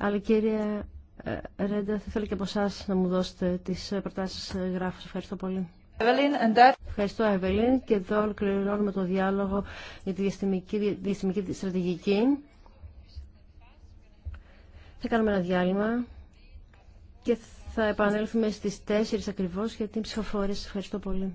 Αλλά κύριε Ρέντα, θα ήθελα και από εσά να μου δώσετε τι ε, προτάσεις ε, γράφου. Ευχαριστώ πολύ. Ευχαριστώ, Εβελίν. Και εδώ ολοκληρώνουμε το διάλογο για τη διαστημική, διαστημική στρατηγική. Θα κάνουμε ένα διάλειμμα και θα επανέλθουμε στις 4 ακριβώς για την ψηφοφορία. ευχαριστώ πολύ.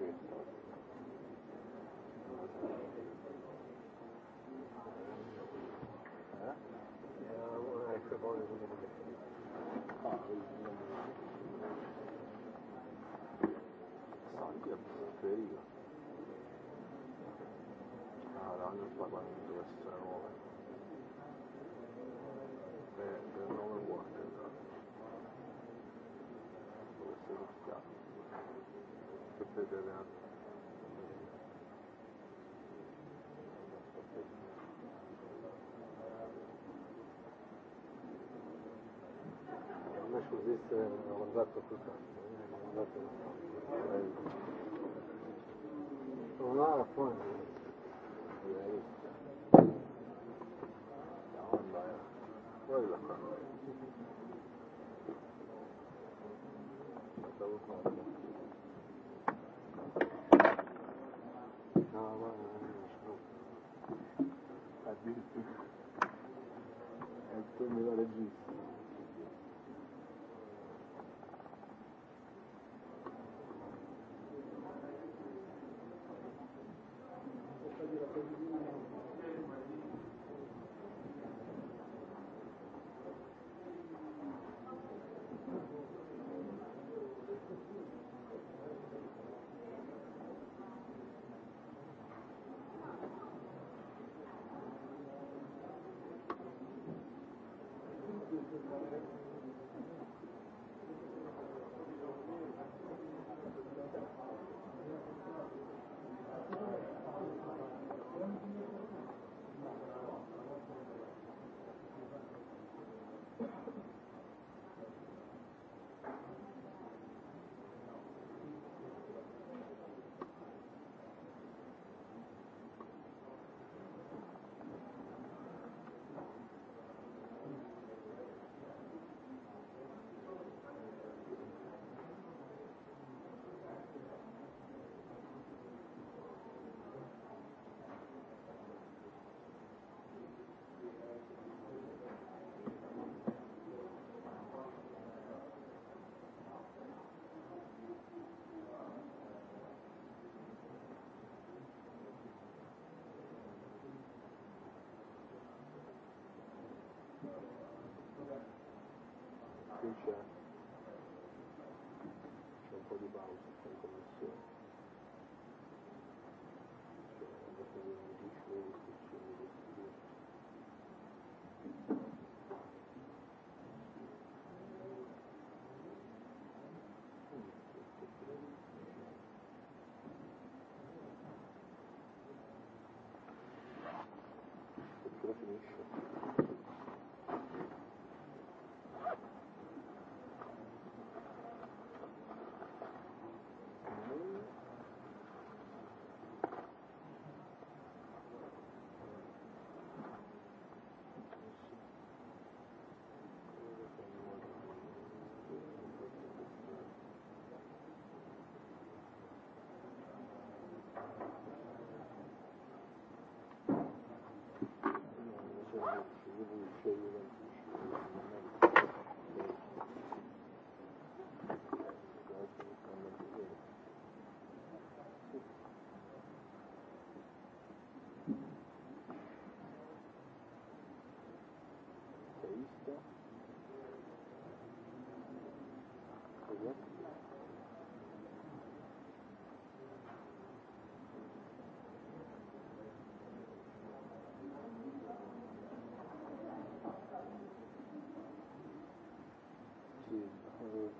Sanki yapısı veriyor. Hala anlatmak var. Burası sana olay. Здесь мандат Да, понял. Один. Это не Tricia c'è un po' di pausa Υπότιτλοι AUTHORWAVE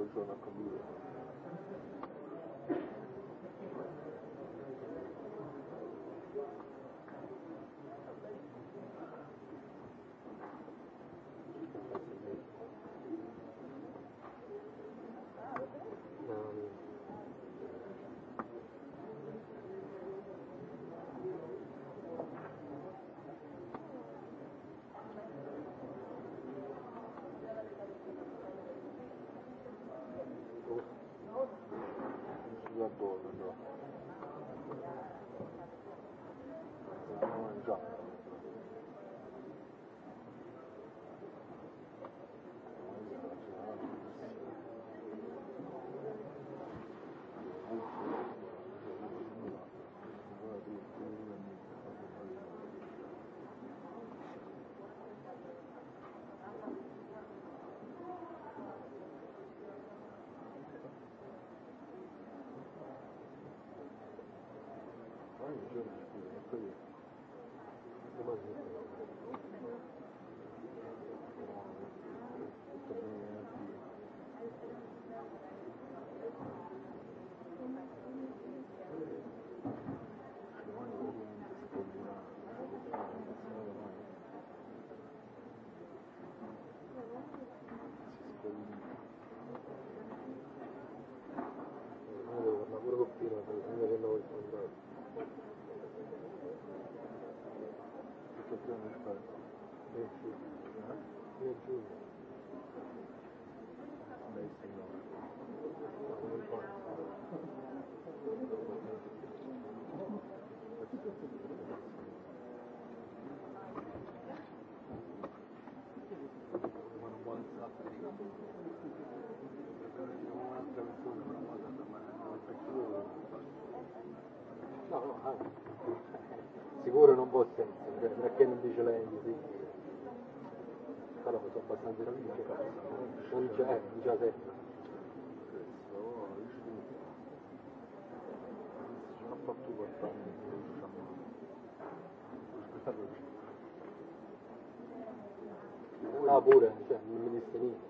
τον Τζόνα Καμπύλα. Thank you. No, sicuro non può essere, perché non dice lei, sì. però sono abbastanza non c'è, non c'è sempre. Ah pure, cioè, non mi disse niente.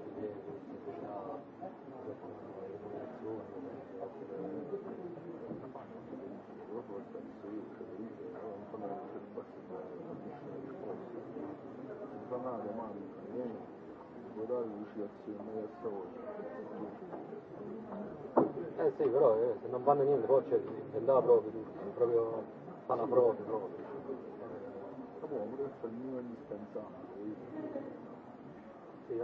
Eh sì, però eh, se non vanno niente poi c'è il proprio tutto, proprio fa prova proprio. Proprio questo Sì,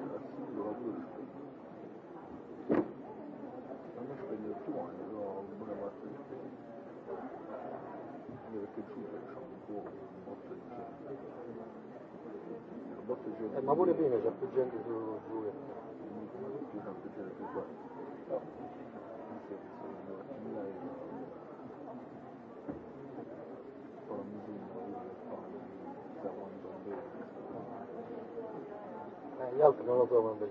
Eh, ma pure prima c'è più gente su due. gli altri non lo so quando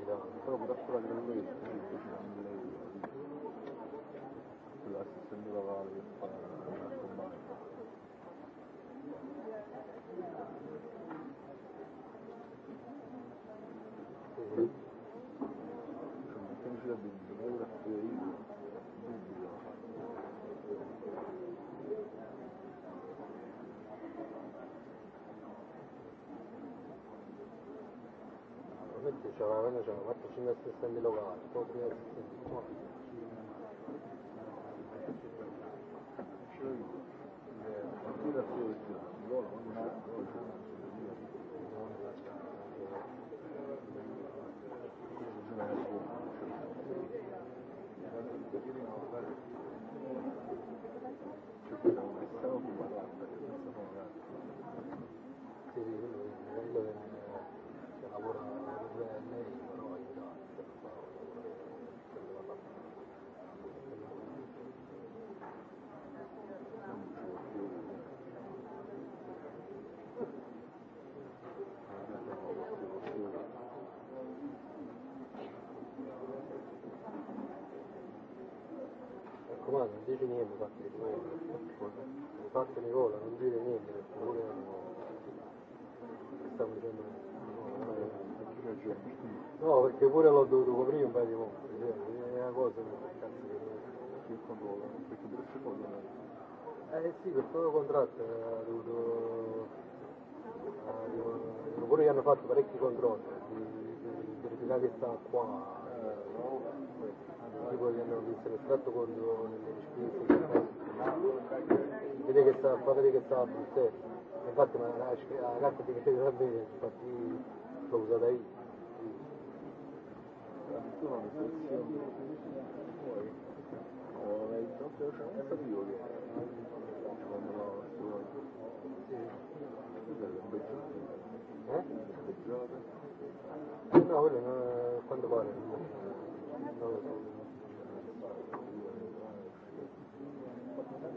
Cioè, veramente, di gola, non dire niente, perché non stavo dicendo no, perché pure l'ho dovuto coprire un paio di volte, cioè, è una cosa che cazzo che controlla, perché dovresti controllare. Eh sì, per tutto contratto ha dovuto pure gli hanno fatto parecchi controlli per verificare che stava qua no? tipo che hanno visto l'estratto con le spese vede che sta, che sta Infatti ma la carta a bene, infatti l'ho usata No, quello quando pare. Non lo so.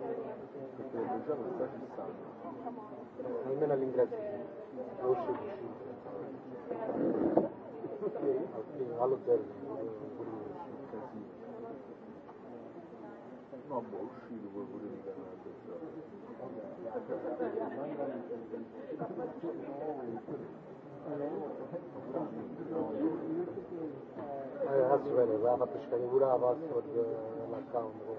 perché il giorno sta fissando almeno all'ingresso lo uscito all'hotel no boh uscito poi pure di canale bene va a pure la password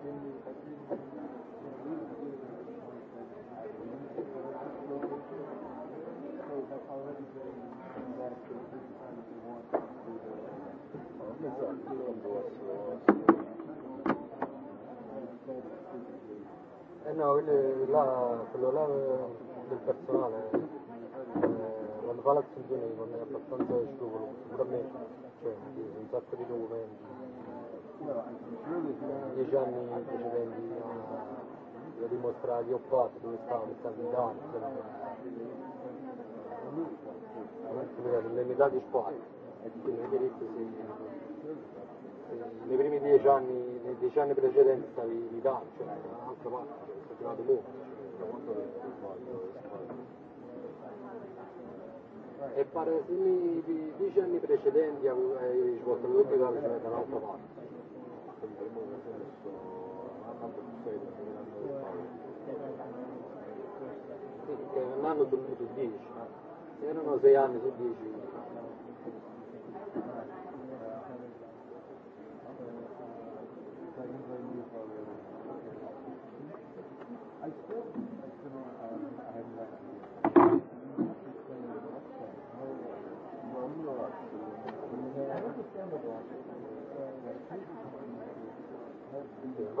انا لا في الاولى للبرسونال والغلط في الدنيا وانا بطلت شغل ورميت كنت تقريبا وما عندي dieci anni precedenti a dimostrare che ho fatto dove stavo per candidarmi nell'età di squadra nei primi dieci anni nei dieci anni precedenti stavi in un'altra parte cioè e pare nei dieci anni precedenti hai svolto tutti dall'altra parte Erano dormito erano I still, I I have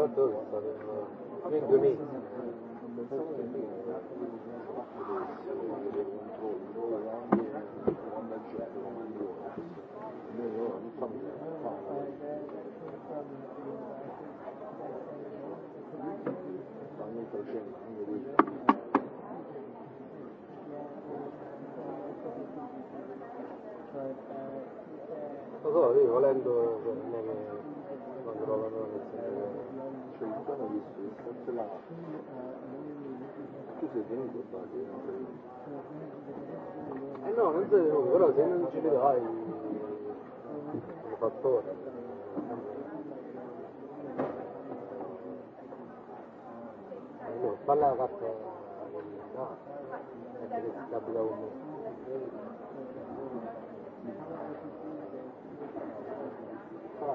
14, min 2000. so, io volendo non è che non trovano nessuno çocuklarla geçiriyoruz. mi? no, non però se non ci il fattore. la no, la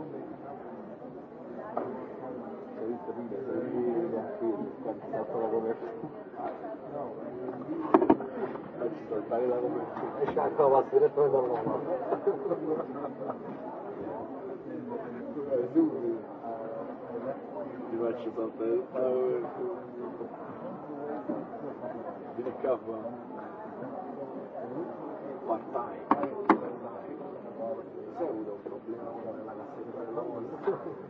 Part-time. problema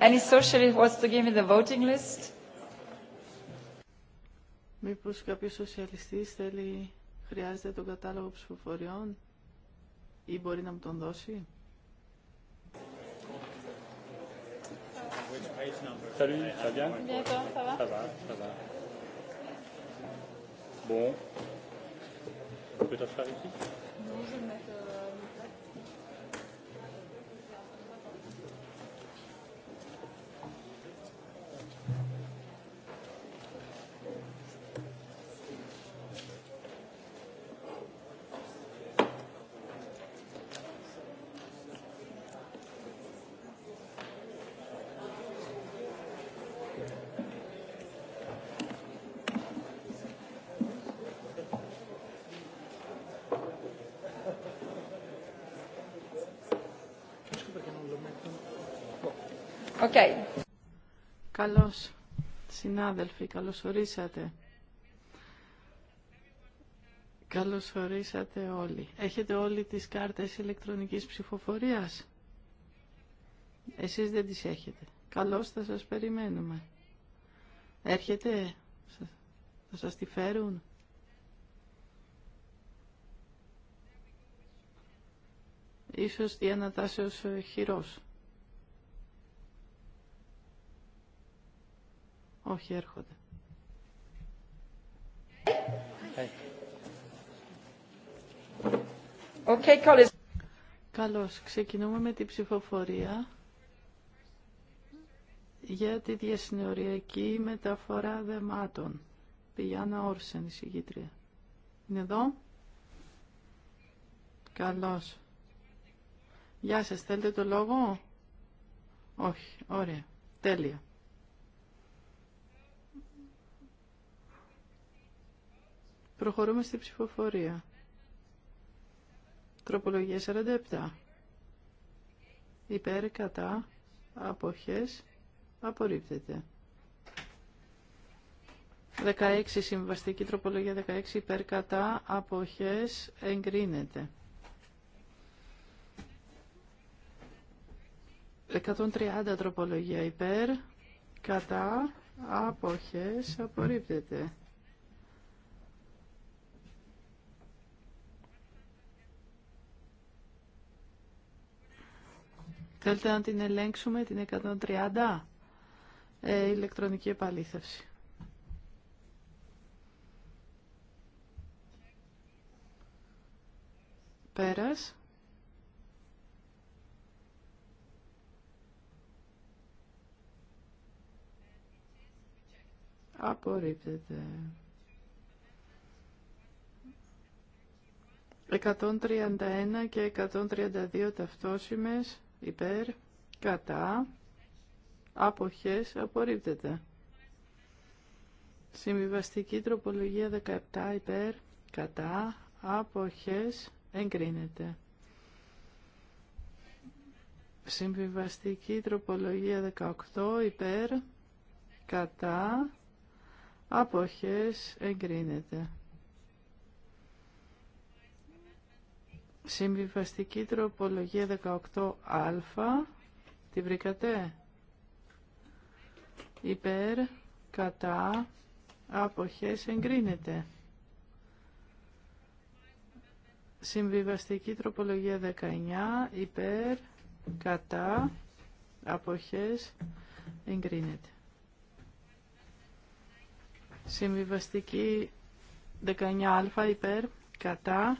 Any socialist wants to give me the voting list? Μήπως κάποιος σοσιαλιστής θέλει, χρειάζεται τον κατάλογο ψηφοφοριών ή μπορεί να μου τον δώσει. Salut, ça va bien Bien toi, ça va Ça va, ça va. Bon. On peut t'asseoir ici Non, je vais mettre... Okay. Καλώς, συνάδελφοι, καλώς ορίσατε. Καλώς ορίσατε όλοι. Έχετε όλοι τις κάρτες ηλεκτρονικής ψηφοφορίας. Εσείς δεν τις έχετε. Καλώς θα σας περιμένουμε. Έρχεται, θα σας τη φέρουν. Ίσως διανατάσεως χειρός. Όχι, έρχονται. Okay, Okay, Καλώς. Ξεκινούμε με την ψηφοφορία για τη διασυνοριακή μεταφορά δεμάτων. πια Όρσεν, η συγκήτρια. Είναι εδώ. Καλώς. Γεια σας, θέλετε το λόγο. Όχι, ωραία. Τέλεια. Προχωρούμε στη ψηφοφορία. Τροπολογία 47. Υπέρ, κατά, αποχές, απορρίπτεται. 16 συμβαστική τροπολογία 16 υπέρ κατά αποχές εγκρίνεται. 130 τροπολογία υπέρ κατά αποχές απορρίπτεται. Θέλετε να την ελέγξουμε την 130 ε, ηλεκτρονική επαλήθευση. Πέρας. Απορρίπτεται. 131 και 132 ταυτόσημες υπέρ, κατά, αποχές, απορρίπτεται. Συμβιβαστική τροπολογία 17 υπέρ, κατά, αποχές, εγκρίνεται. Συμβιβαστική τροπολογία 18 υπέρ, κατά, αποχές, εγκρίνεται. Συμβιβαστική τροπολογία 18α. Τη βρήκατε. Υπέρ, κατά, αποχές εγκρίνεται. Συμβιβαστική τροπολογία 19. Υπέρ, κατά, αποχές εγκρίνεται. Συμβιβαστική 19α υπέρ, κατά,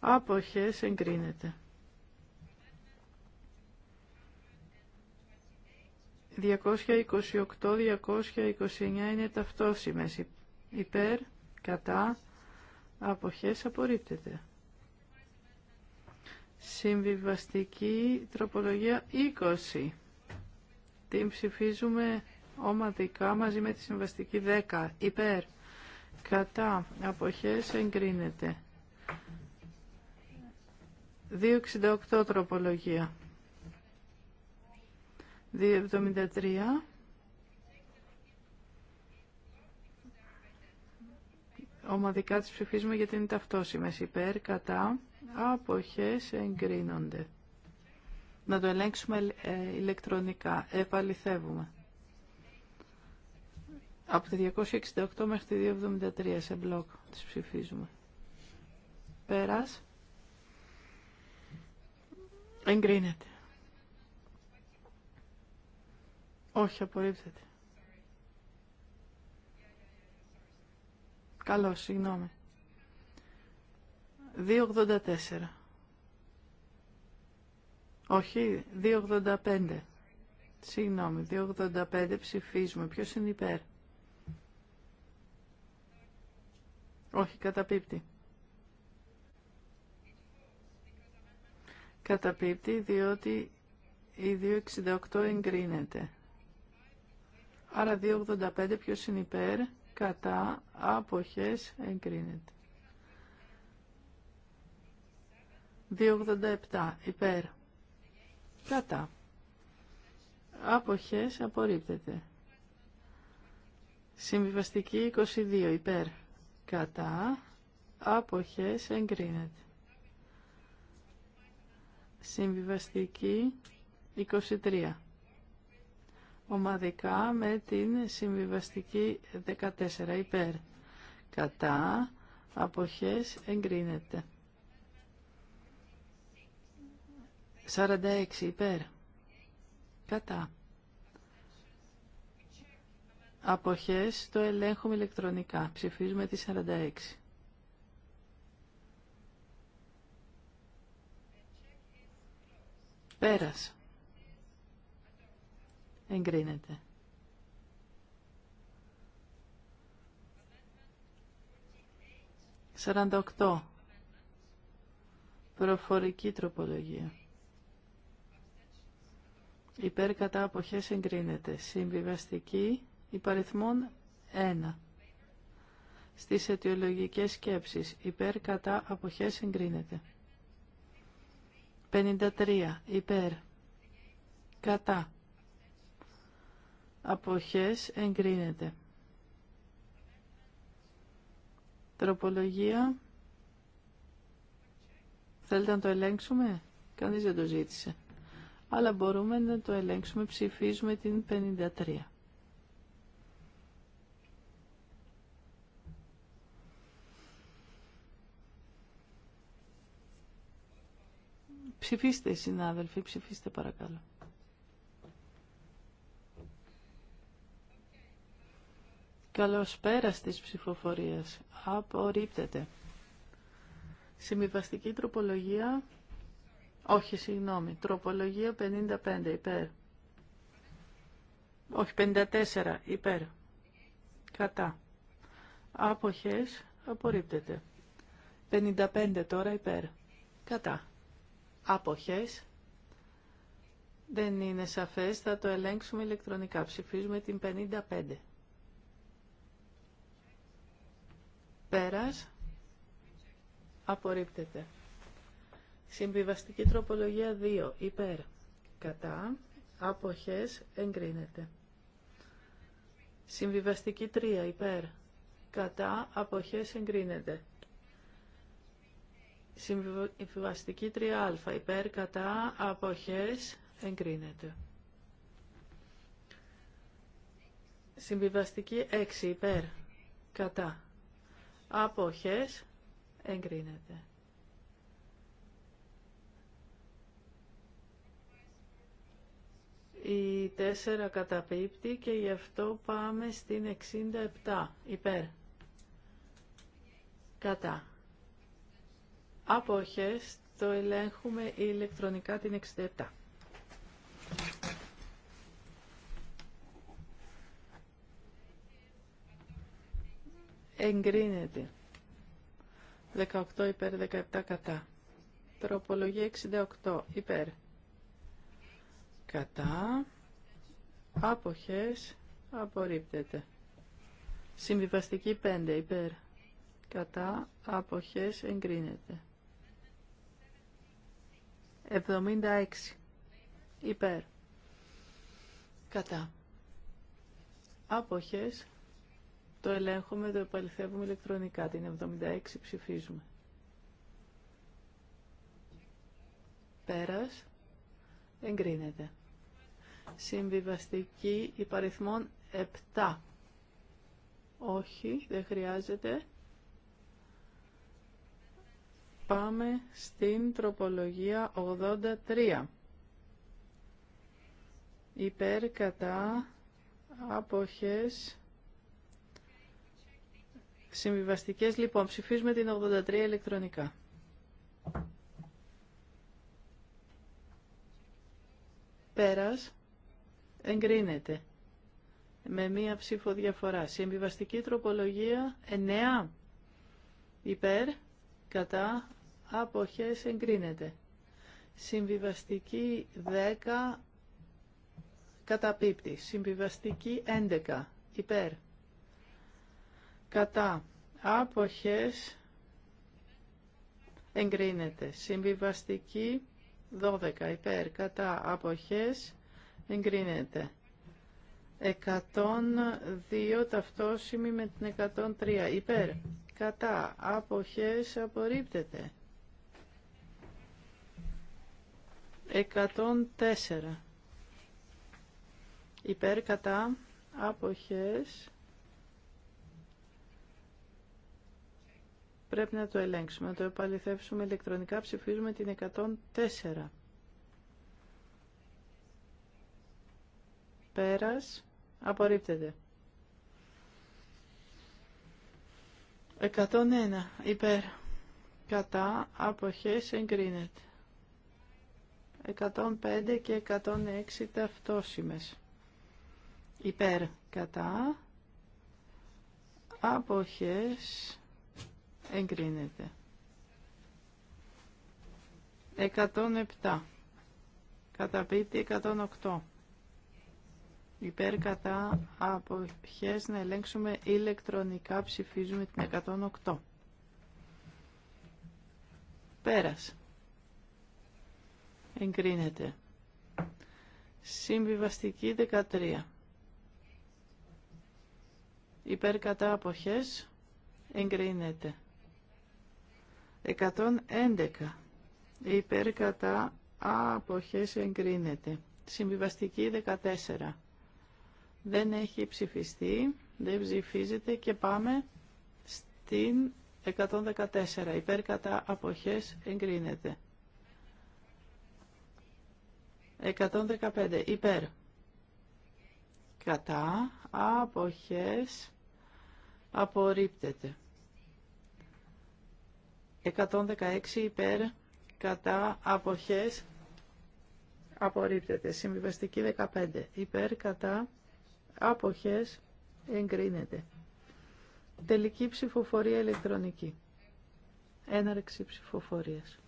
Άποχες εγκρίνεται. 228, 229 είναι ταυτόσημες Υπέρ, κατά, αποχές απορρίπτεται. Συμβιβαστική τροπολογία 20. Την ψηφίζουμε ομαδικά μαζί με τη συμβαστική 10. Υπέρ, κατά, αποχές εγκρίνεται. 268 τροπολογία. 273. Ομαδικά τις ψηφίζουμε γιατί είναι ταυτόσιμες υπέρ, κατά, αποχές εγκρίνονται. Να το ελέγξουμε ε, ηλεκτρονικά. Επαληθεύουμε. Από τη 268 μέχρι τη 273 σε μπλοκ τις ψηφίζουμε. Πέρας. Εγκρίνεται. Όχι, απορρίπτεται. Καλό, συγγνώμη. 2.84. Όχι, 2.85. Συγγνώμη, 2.85 ψηφίζουμε. Ποιος είναι υπέρ. Όχι, καταπίπτει. καταπίπτει διότι η 268 εγκρίνεται. Άρα 285 ποιος είναι υπέρ, κατά, αποχές εγκρίνεται. 287 υπέρ, κατά, αποχές απορρίπτεται. Συμβιβαστική 22 υπέρ, κατά, αποχές εγκρίνεται. Συμβιβαστική 23. Ομαδικά με την συμβιβαστική 14 υπέρ. Κατά αποχές εγκρίνεται. 46 υπέρ. Κατά. Αποχές το ελέγχουμε ηλεκτρονικά. Ψηφίζουμε τη 46. Πέρας. Εγκρίνεται. 48. Προφορική τροπολογία. Υπέρ κατά αποχές εγκρίνεται. Συμβιβαστική υπαριθμών 1. Στις αιτιολογικές σκέψεις υπέρ κατά αποχές εγκρίνεται. 53 υπέρ κατά αποχές εγκρίνεται τροπολογία θέλετε να το ελέγξουμε κανείς δεν το ζήτησε αλλά μπορούμε να το ελέγξουμε ψηφίζουμε την 53 Ψηφίστε συνάδελφοι, ψηφίστε παρακαλώ. Καλώς πέρα της ψηφοφορίας. Απορρίπτεται. Συμβιβαστική τροπολογία... Όχι, συγγνώμη. Τροπολογία 55 υπέρ. Όχι, 54 υπέρ. Κατά. Αποχές απορρίπτεται. 55 τώρα υπέρ. Κατά. Αποχές. Δεν είναι σαφές. Θα το ελέγξουμε ηλεκτρονικά. Ψηφίζουμε την 55. Πέρας. Απορρίπτεται. Συμβιβαστική τροπολογία 2. Υπέρ. Κατά. Αποχές. Εγκρίνεται. Συμβιβαστική 3. Υπέρ. Κατά. Αποχές. Εγκρίνεται. Συμβιβαστική 3α. Υπέρ κατά αποχές εγκρίνεται. Συμβιβαστική 6. Υπέρ κατά αποχές εγκρίνεται. Η 4 καταπίπτει και γι' αυτό πάμε στην 67. Υπέρ. Κατά. Αποχές το ελέγχουμε ηλεκτρονικά την 67. Εγκρίνεται. 18 υπέρ, 17 κατά. Τροπολογία 68 υπέρ. Κατά. Άποχες. Απορρίπτεται. Συμβιβαστική 5 υπέρ. Κατά. Άποχες. Εγκρίνεται. 76 υπέρ κατά άποχες το ελέγχουμε, το επαληθεύουμε ηλεκτρονικά την 76 ψηφίζουμε πέρας εγκρίνεται συμβιβαστική υπαριθμών 7 όχι, δεν χρειάζεται Πάμε στην τροπολογία 83. Υπέρ κατά αποχές συμβιβαστικές. Λοιπόν, ψηφίζουμε την 83 ηλεκτρονικά. Πέρας εγκρίνεται με μία ψήφο διαφορά. Συμβιβαστική τροπολογία 9 υπέρ κατά αποχές εγκρίνεται. Συμβιβαστική 10 καταπίπτει. Συμβιβαστική 11 υπέρ. Κατά αποχές εγκρίνεται. Συμβιβαστική 12 υπέρ. Κατά αποχές εγκρίνεται. 102 ταυτόσημη με την 103 υπέρ. Κατά αποχές απορρίπτεται. 104 υπέρ κατά αποχές πρέπει να το ελέγξουμε, να το επαληθεύσουμε ηλεκτρονικά, ψηφίζουμε την 104 πέρας απορρίπτεται 101 υπέρ κατά αποχές εγκρίνεται 105 και 106 ταυτόσημες. Υπέρ κατά αποχές εγκρίνεται. 107 καταπίτη 108 υπέρ κατά αποχές να ελέγξουμε ηλεκτρονικά ψηφίζουμε την 108 Πέρασε εγκρίνεται. Συμβιβαστική 13. Υπέρ κατά αποχές εγκρίνεται. 111. Υπέρ κατά αποχές εγκρίνεται. Συμβιβαστική 14. Δεν έχει ψηφιστεί, δεν ψηφίζεται και πάμε στην 114. Υπέρ κατά αποχές εγκρίνεται. 115 υπέρ κατά αποχές απορρίπτεται 116 υπέρ κατά αποχές απορρίπτεται συμβιβαστική 15 υπέρ κατά αποχές εγκρίνεται τελική ψηφοφορία ηλεκτρονική έναρξη ψηφοφορίας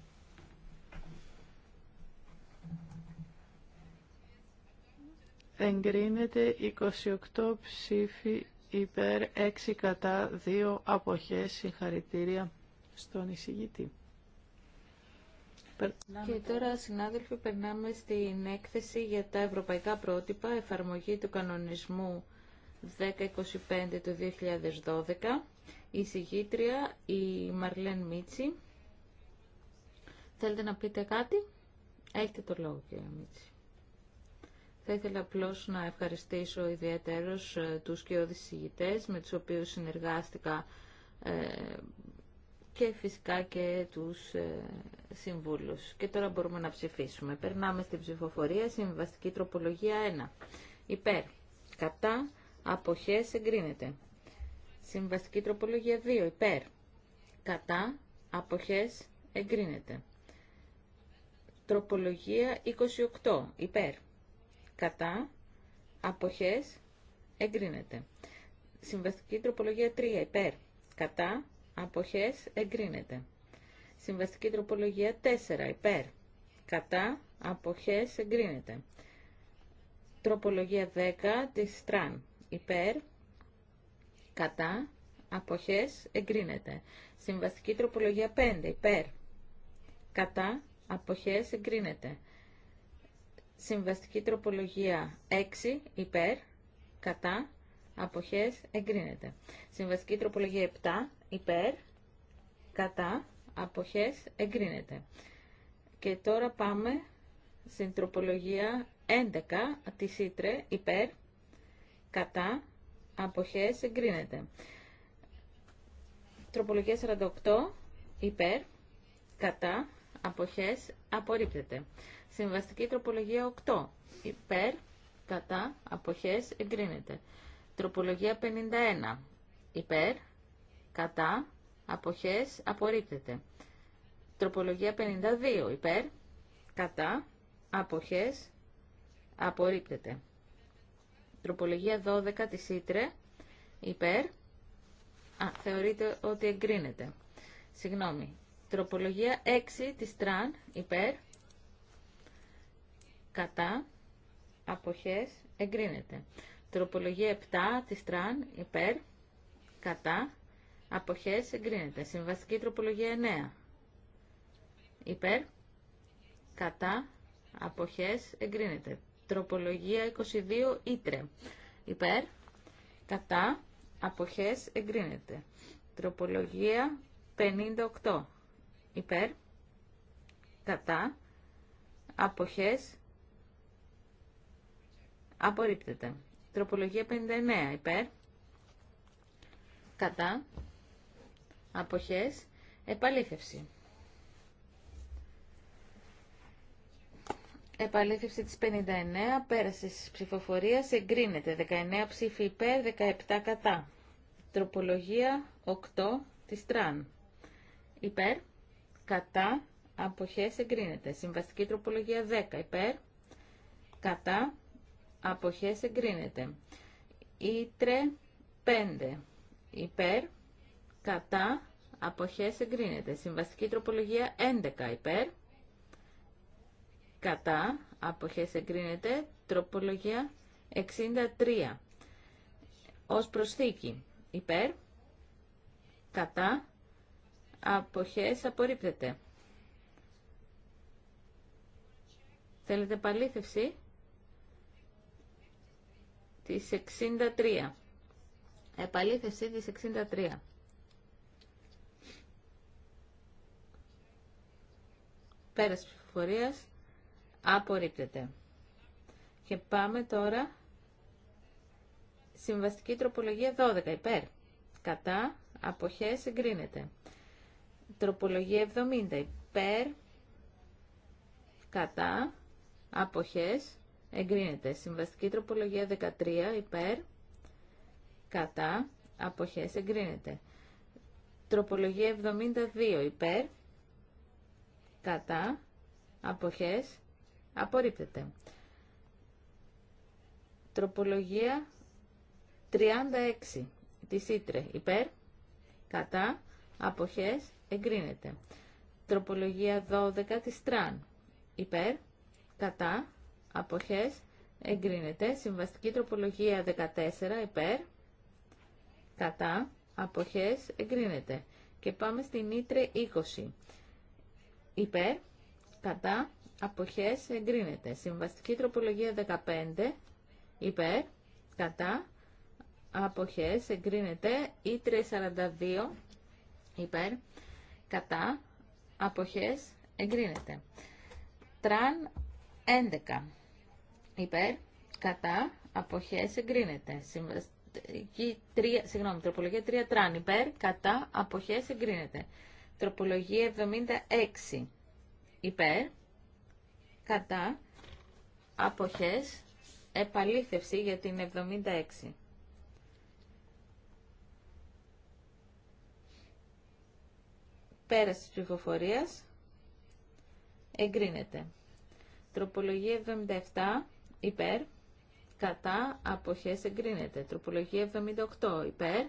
εγκρίνεται 28 ψήφοι υπέρ 6 κατά 2 αποχές συγχαρητήρια στον εισηγητή. Και τώρα, συνάδελφοι, περνάμε στην έκθεση για τα ευρωπαϊκά πρότυπα, εφαρμογή του κανονισμού 1025 του 2012. Η συγγήτρια, η Μαρλέν Μίτσι. Θέλετε να πείτε κάτι? Έχετε το λόγο, κύριε Μίτσι. Θα ήθελα απλώ να ευχαριστήσω ιδιαίτερως ε, τους και οδησηγητές με τους οποίους συνεργάστηκα ε, και φυσικά και τους ε, συμβούλους. Και τώρα μπορούμε να ψηφίσουμε. Περνάμε στην ψηφοφορία, συμβαστική τροπολογία 1. Υπέρ, κατά, αποχές εγκρίνεται. Συμβαστική τροπολογία 2. Υπέρ, κατά, αποχές εγκρίνεται. Τροπολογία 28. Υπέρ κατά, αποχές, εγκρίνεται. Συμβαστική τροπολογία 3, υπέρ, κατά, αποχές, εγκρίνεται. Συμβαστική τροπολογία 4, υπέρ, κατά, αποχές, εγκρίνεται. Τροπολογία 10 της Στραν, υπέρ, κατά, αποχές, εγκρίνεται. Συμβαστική τροπολογία 5, υπέρ, κατά, αποχές, εγκρίνεται. Συμβαστική τροπολογία 6 υπέρ, κατά, αποχές, εγκρίνεται. Συμβαστική τροπολογία 7 υπέρ, κατά, αποχές, εγκρίνεται. Και τώρα πάμε στην τροπολογία 11 της Ήτρε υπέρ, κατά, αποχές, εγκρίνεται. Τροπολογία 48 υπέρ, κατά, αποχές, απορρίπτεται. Συμβαστική τροπολογία 8. Υπέρ, κατά, αποχές, εγκρίνεται. Τροπολογία 51. Υπέρ, κατά, αποχές, απορρίπτεται. Τροπολογία 52. Υπέρ, κατά, αποχές, απορρίπτεται. Τροπολογία 12 της Ήτρε, υπέρ, α, θεωρείται ότι εγκρίνεται. Συγγνώμη. Τροπολογία 6 της Τραν, υπέρ, κατά, αποχές, εγκρίνεται. Τροπολογία 7 της τραν, υπέρ, κατά, αποχές, εγκρίνεται. Συμβαστική τροπολογία 9, υπέρ, κατά, αποχές, εγκρίνεται. Τροπολογία 22, ήτρε, υπέρ, κατά, αποχές, εγκρίνεται. Τροπολογία 58, υπέρ, κατά, αποχές, Απορρίπτεται. Τροπολογία 59 υπέρ. Κατά. Αποχές. Επαλήθευση. Επαλήθευση της 59, πέρασε της ψηφοφορίας, εγκρίνεται. 19 ψήφοι υπέρ, 17 κατά. Τροπολογία 8 της τραν. Υπέρ, κατά, αποχές εγκρίνεται. Συμβαστική τροπολογία 10 υπέρ, κατά, αποχές εγκρίνεται. Ήτρε 5 υπέρ, κατά, αποχές εγκρίνεται. Συμβαστική τροπολογία 11 υπέρ, κατά, αποχές εγκρίνεται. Τροπολογία 63 ως προσθήκη υπέρ, κατά, αποχές απορρίπτεται. Θέλετε παλήθευση. Της 63. Επαλήθευση της 63. Πέρας ψηφοφορίας απορρίπτεται. Και πάμε τώρα συμβαστική τροπολογία 12 υπέρ. Κατά αποχές εγκρίνεται. Τροπολογία 70 υπέρ. Κατά αποχές εγκρίνεται. Συμβαστική τροπολογία 13 υπέρ, κατά, αποχές εγκρίνεται. Τροπολογία 72 υπέρ, κατά, αποχές απορρίπτεται. Τροπολογία 36 Τη Ήτρε υπέρ, κατά, αποχές εγκρίνεται. Τροπολογία 12 της Τραν υπέρ, κατά, αποχές εγκρίνεται. Συμβαστική τροπολογία 14 υπέρ, κατά, αποχές εγκρίνεται. Και πάμε στην Ήτρε 20. Υπέρ, κατά, αποχές εγκρίνεται. Συμβαστική τροπολογία 15 υπέρ, κατά, αποχές εγκρίνεται. Ήτρε 42 υπέρ, κατά, αποχές εγκρίνεται. Τραν 11 Υπέρ, κατά, αποχέ εγκρίνεται. συγγνώμη, τροπολογία 3 τραν. Υπέρ, κατά, αποχέ εγκρίνεται. Τροπολογία 76. Υπέρ, κατά, απόχέ, επαλήθευση για την 76. Πέραση της ψηφοφορίας εγκρίνεται. Τροπολογία 77 υπέρ, κατά, αποχές εγκρίνεται. Τροπολογία 78 υπέρ,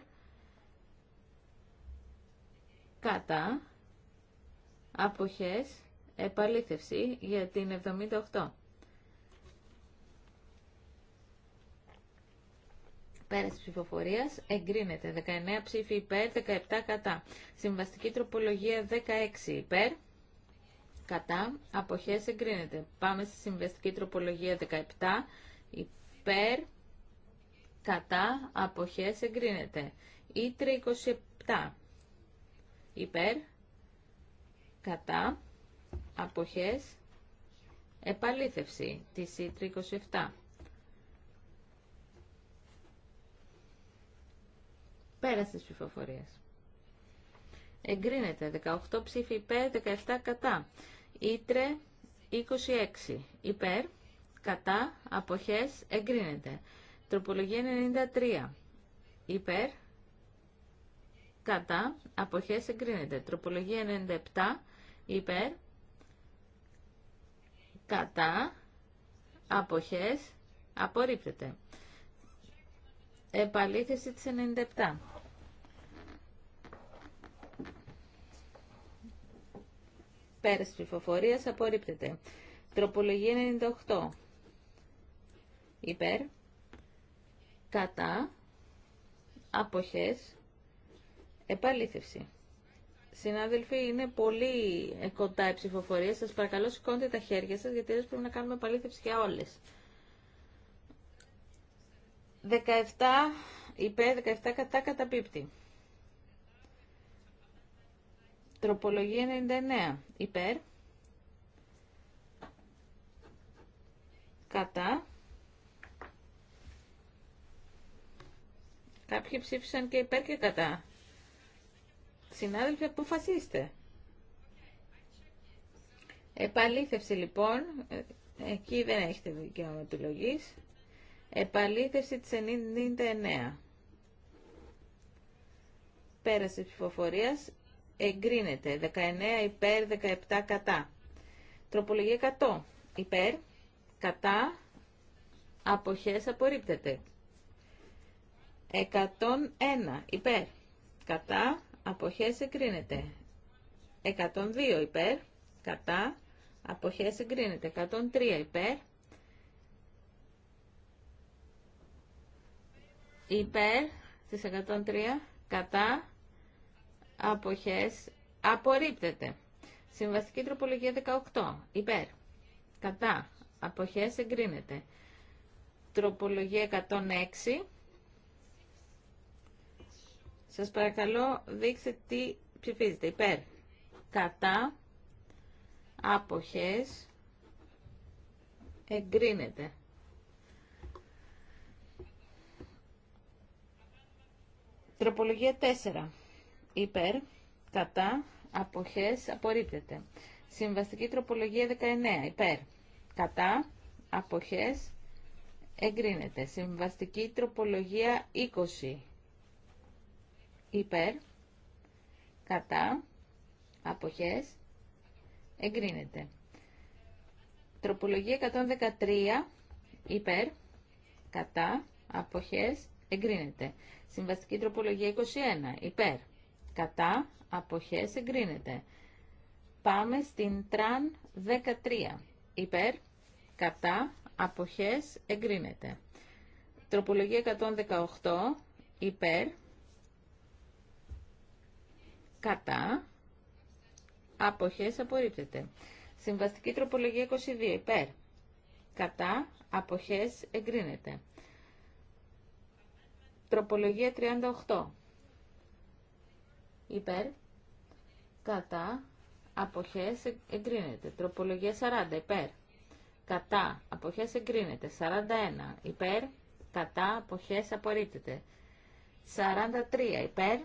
κατά, αποχές, επαλήθευση για την 78. Πέρας ψηφοφορίας εγκρίνεται 19 ψήφοι υπέρ, 17 κατά. Συμβαστική τροπολογία 16 υπέρ, κατά, αποχέ εγκρίνεται. Πάμε στη συμβαστική τροπολογία 17, υπέρ, κατά, απόχέ εγκρίνεται. Ήτρε 27, υπέρ, κατά, απόχέ, επαλήθευση της Ήτρε 27. Πέρα της ψηφοφορίας. Εγκρίνεται 18 ψήφοι υπέρ, 17 κατά. Ήτρε 26. Υπέρ, κατά, αποχές, εγκρίνεται. Τροπολογία 93. Υπέρ, κατά, αποχές, εγκρίνεται. Τροπολογία 97. Υπέρ, κατά, αποχές, απορρίπτεται. Επαλήθευση της 97. Πέρας ψηφοφορίας απορρίπτεται. Τροπολογία 98. Υπέρ. Κατά. Αποχές. Επαλήθευση. Συνάδελφοι, είναι πολύ κοντά η ψηφοφορία. Σας παρακαλώ σηκώντε τα χέρια σας, γιατί έτσι πρέπει να κάνουμε επαλήθευση για όλες. 17 υπέρ, 17 κατά, καταπίπτει. Τροπολογία 99. Υπέρ. Κατά. Κάποιοι ψήφισαν και υπέρ και κατά. Συνάδελφοι, αποφασίστε. Επαλήθευση λοιπόν, εκεί δεν έχετε δικαίωμα επιλογή. Επαλήθευση της 99. Πέραση ψηφοφορίας εγκρίνεται. 19 υπέρ, 17 κατά. Τροπολογία 100 υπέρ, κατά, αποχές απορρίπτεται. 101 υπέρ, κατά, αποχές εγκρίνεται. 102 υπέρ, κατά, αποχές εγκρίνεται. 103 υπέρ, υπέρ, 103, κατά, αποχές απορρίπτεται. Συμβαστική τροπολογία 18. Υπέρ. Κατά. Αποχές εγκρίνεται. Τροπολογία 106. Σας παρακαλώ δείξτε τι ψηφίζετε. Υπέρ. Κατά. Αποχές εγκρίνεται. Τροπολογία 4 υπέρ, κατά, αποχές, απορρίπτεται. Συμβαστική τροπολογία 19, υπέρ, κατά, αποχές, εγκρίνεται. Συμβαστική τροπολογία 20, υπέρ, κατά, αποχές, εγκρίνεται. Τροπολογία 113, υπέρ, κατά, αποχές, εγκρίνεται. Συμβαστική τροπολογία 21, υπέρ, κατά, αποχές, εγκρίνεται. Πάμε στην τραν 13. Υπέρ, κατά, αποχές, εγκρίνεται. Τροπολογία 118, υπέρ, κατά, αποχές, απορρίπτεται. Συμβαστική τροπολογία 22, υπέρ, κατά, αποχές, εγκρίνεται. Τροπολογία 38, υπέρ, κατά, αποχές εγκρίνεται. Τροπολογία 40 υπέρ, κατά, αποχές εγκρίνεται. 41 υπέρ, κατά, αποχές απορρίπτεται. 43 υπέρ,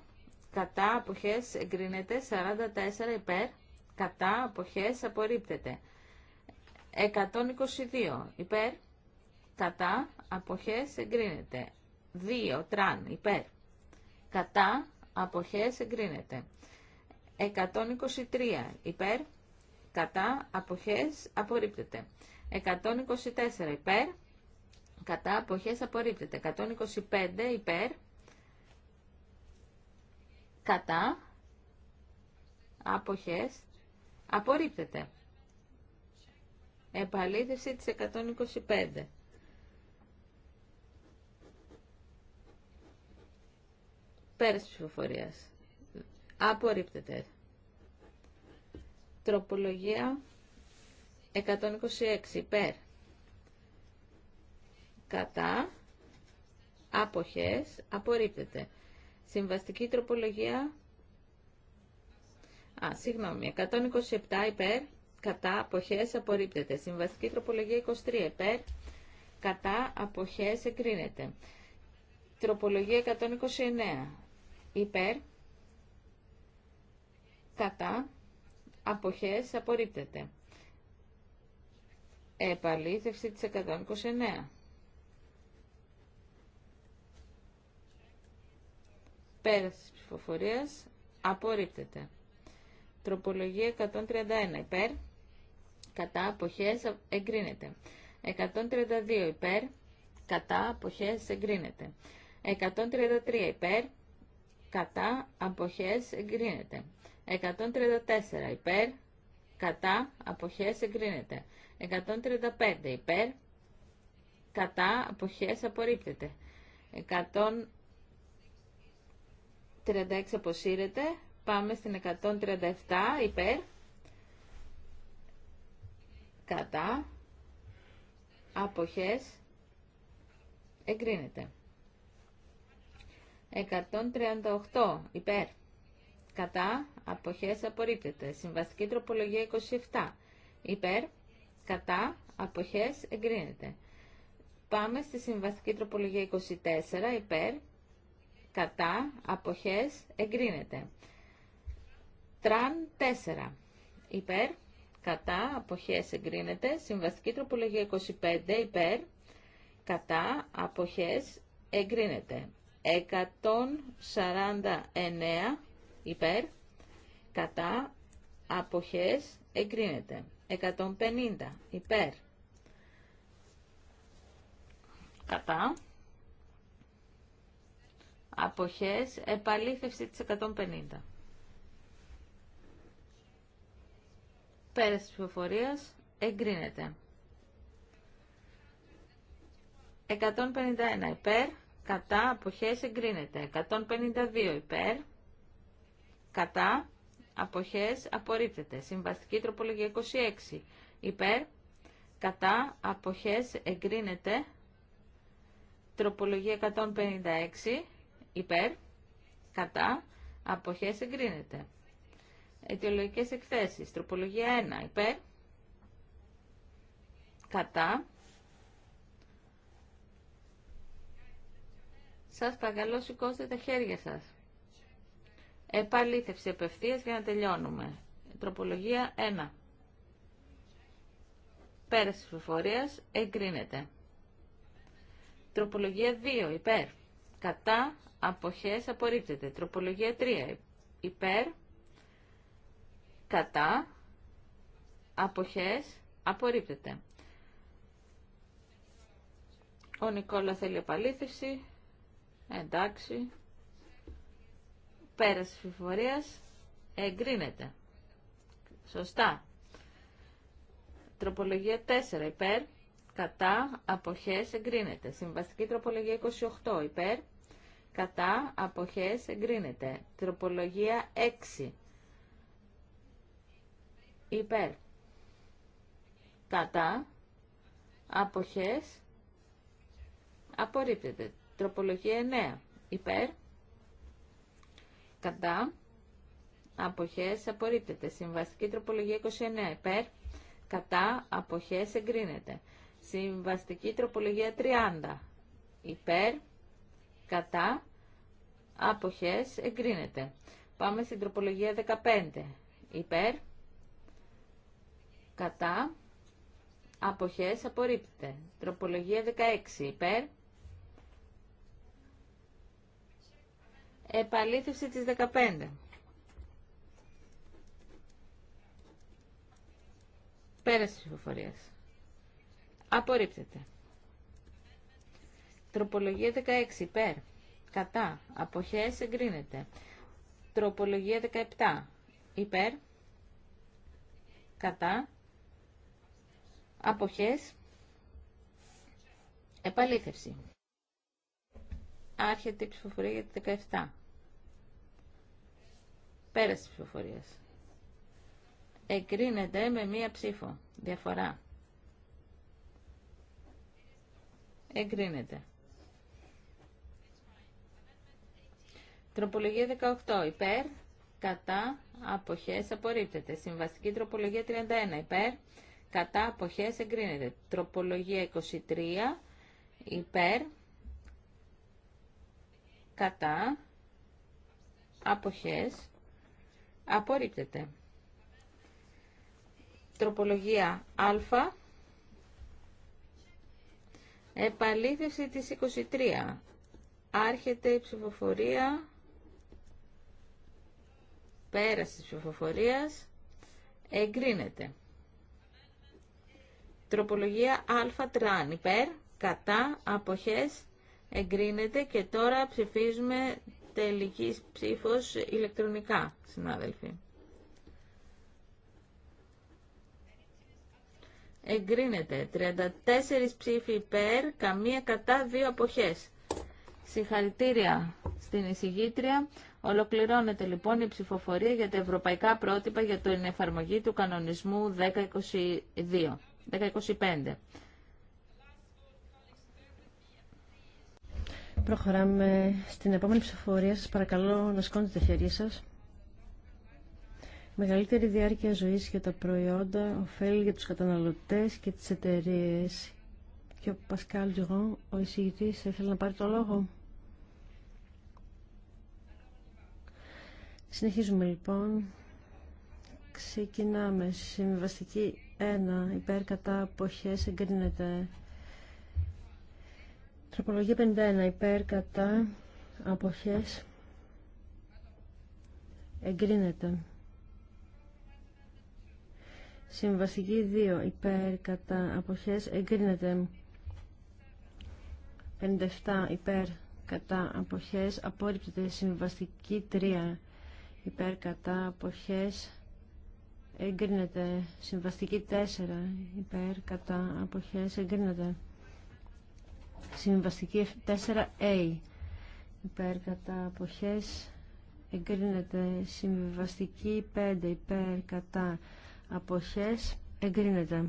κατά, αποχές εγκρίνεται. 44 υπέρ, κατά, αποχές απορρίπτεται. 122 υπέρ, κατά, αποχές εγκρίνεται. 2 τραν υπέρ, κατά, αποχές εγκρίνεται. 123 υπέρ, κατά, αποχές απορρίπτεται. 124 υπέρ, κατά, αποχές απορρίπτεται. 125 υπέρ, κατά, αποχές απορρίπτεται. Επαλήθευση της 125. πέρα ψηφοφορία. ψηφοφορία. Απορρίπτεται. Τροπολογία 126 υπέρ. Κατά. Άποχες. Απορρίπτεται. Συμβαστική τροπολογία. Α, συγγνώμη. 127 υπέρ. Κατά. Αποχές. Απορρίπτεται. Συμβαστική τροπολογία 23 υπέρ. Κατά. Αποχές. Εκρίνεται. Τροπολογία 129 υπέρ, κατά, αποχές, απορρίπτεται. Επαλήθευση της 129. Πέραση της ψηφοφορίας, απορρίπτεται. Τροπολογία 131 υπέρ, κατά, αποχές, εγκρίνεται. 132 υπέρ, κατά, αποχές, εγκρίνεται. 133 υπέρ, κατά αποχές εγκρίνεται. 134 υπέρ, κατά αποχές εγκρίνεται. 135 υπέρ, κατά αποχές απορρίπτεται. 136 αποσύρεται, πάμε στην 137 υπέρ, κατά αποχές εγκρίνεται. 138 υπέρ. Κατά αποχές απορρίπτεται. Συμβαστική τροπολογία 27 υπέρ. Κατά αποχές εγκρίνεται. Πάμε στη συμβαστική τροπολογία 24 υπέρ. Κατά αποχές εγκρίνεται. Τραν 4 υπέρ. Κατά αποχές εγκρίνεται. Συμβαστική τροπολογία 25 υπέρ. Κατά αποχές εγκρίνεται. 149 υπέρ, κατά, αποχές, εγκρίνεται. 150 υπέρ, κατά, αποχές, επαλήθευση της 150. Πέρας της ψηφοφορίας, εγκρίνεται. 151 υπέρ, κατά αποχές εγκρίνεται. 152 υπέρ, κατά αποχές απορρίπτεται. Συμβαστική τροπολογία 26 υπέρ, κατά αποχές εγκρίνεται. Τροπολογία 156 υπέρ, κατά αποχές εγκρίνεται. Αιτιολογικές εκθέσεις. Τροπολογία 1 υπέρ, κατά Σας παρακαλώ σηκώστε τα χέρια σας. Επαλήθευση επευθείας για να τελειώνουμε. Τροπολογία 1. Πέραση της ψηφοφορίας εγκρίνεται. Τροπολογία 2. Υπέρ. Κατά. Αποχές απορρίπτεται. Τροπολογία 3. Υπέρ. Κατά. Αποχές απορρίπτεται. Ο Νικόλα θέλει επαλήθευση. Εντάξει. Πέρας τη Εγκρίνεται. Σωστά. Τροπολογία 4 υπέρ. Κατά. Αποχές εγκρίνεται. Συμβαστική τροπολογία 28 υπέρ. Κατά. Αποχές εγκρίνεται. Τροπολογία 6 υπέρ. Κατά. Αποχές απορρίπτεται. Τροπολογία 9. Υπέρ. Κατά. Αποχές απορρίπτεται. Συμβαστική τροπολογία 29. Υπέρ. Κατά. Αποχές εγκρίνεται. Συμβαστική τροπολογία 30. Υπέρ. Κατά. Αποχές εγκρίνεται. Πάμε στην τροπολογία 15. Υπέρ. Κατά. Αποχές απορρίπτεται. Τροπολογία 16. Υπέρ. Επαλήθευση της 15. Πέρασε της ψηφοφορίας. Απορρίπτεται. Τροπολογία 16. Υπέρ. Κατά. Αποχές εγκρίνεται. Τροπολογία 17. Υπέρ. Κατά. Αποχές. Επαλήθευση. Άρχεται η ψηφοφορία για τη 17. Πέραση τη ψηφοφορίας. Εγκρίνεται με μία ψήφο. Διαφορά. Εγκρίνεται. Τροπολογία 18. Υπέρ, κατά, αποχές, απορρίπτεται. Συμβαστική τροπολογία 31. Υπέρ, κατά, αποχές, εγκρίνεται. Τροπολογία 23. Υπέρ, κατά, αποχές, απορρίπτεται. Τροπολογία α, επαλήθευση της 23, άρχεται η ψηφοφορία, πέραση της ψηφοφορίας, εγκρίνεται. Τροπολογία α τραν υπέρ, κατά, αποχές, εγκρίνεται και τώρα ψηφίζουμε τελική ψήφος ηλεκτρονικά, συνάδελφοι. Εγκρίνεται 34 ψήφοι υπέρ, καμία κατά, δύο αποχές. Συγχαρητήρια στην εισηγήτρια. Ολοκληρώνεται λοιπόν η ψηφοφορία για τα ευρωπαϊκά πρότυπα για την εφαρμογή του κανονισμού 1022. 1025. Προχωράμε στην επόμενη ψηφοφορία. Σας παρακαλώ να σκόνετε τα χέρια σας. Μεγαλύτερη διάρκεια ζωής για τα προϊόντα, ωφέλη για τους καταναλωτές και τις εταιρείες. Και ο Πασκάλ Τζιγόν, ο εισηγητής, ήθελε να πάρει το λόγο. Συνεχίζουμε λοιπόν. Ξεκινάμε. Συμβαστική 1. Υπέρ κατά αποχές εγκρίνεται. Τροπολογία 51. Υπέρ, κατά, αποχές, εγκρίνεται. Συμβαστική 2. Υπέρ, κατά, αποχές, εγκρίνεται. 57. Υπέρ, κατά, αποχές, απόρριπτεται. Συμβαστική 3. Υπέρ, κατά, αποχές, εγκρίνεται. Συμβαστική 4. Υπέρ, κατά, αποχές, εγκρίνεται. Συμβαστική 4A. Υπέρ κατά αποχές εγκρίνεται. Συμβαστική 5. Υπέρ κατά αποχές εγκρίνεται.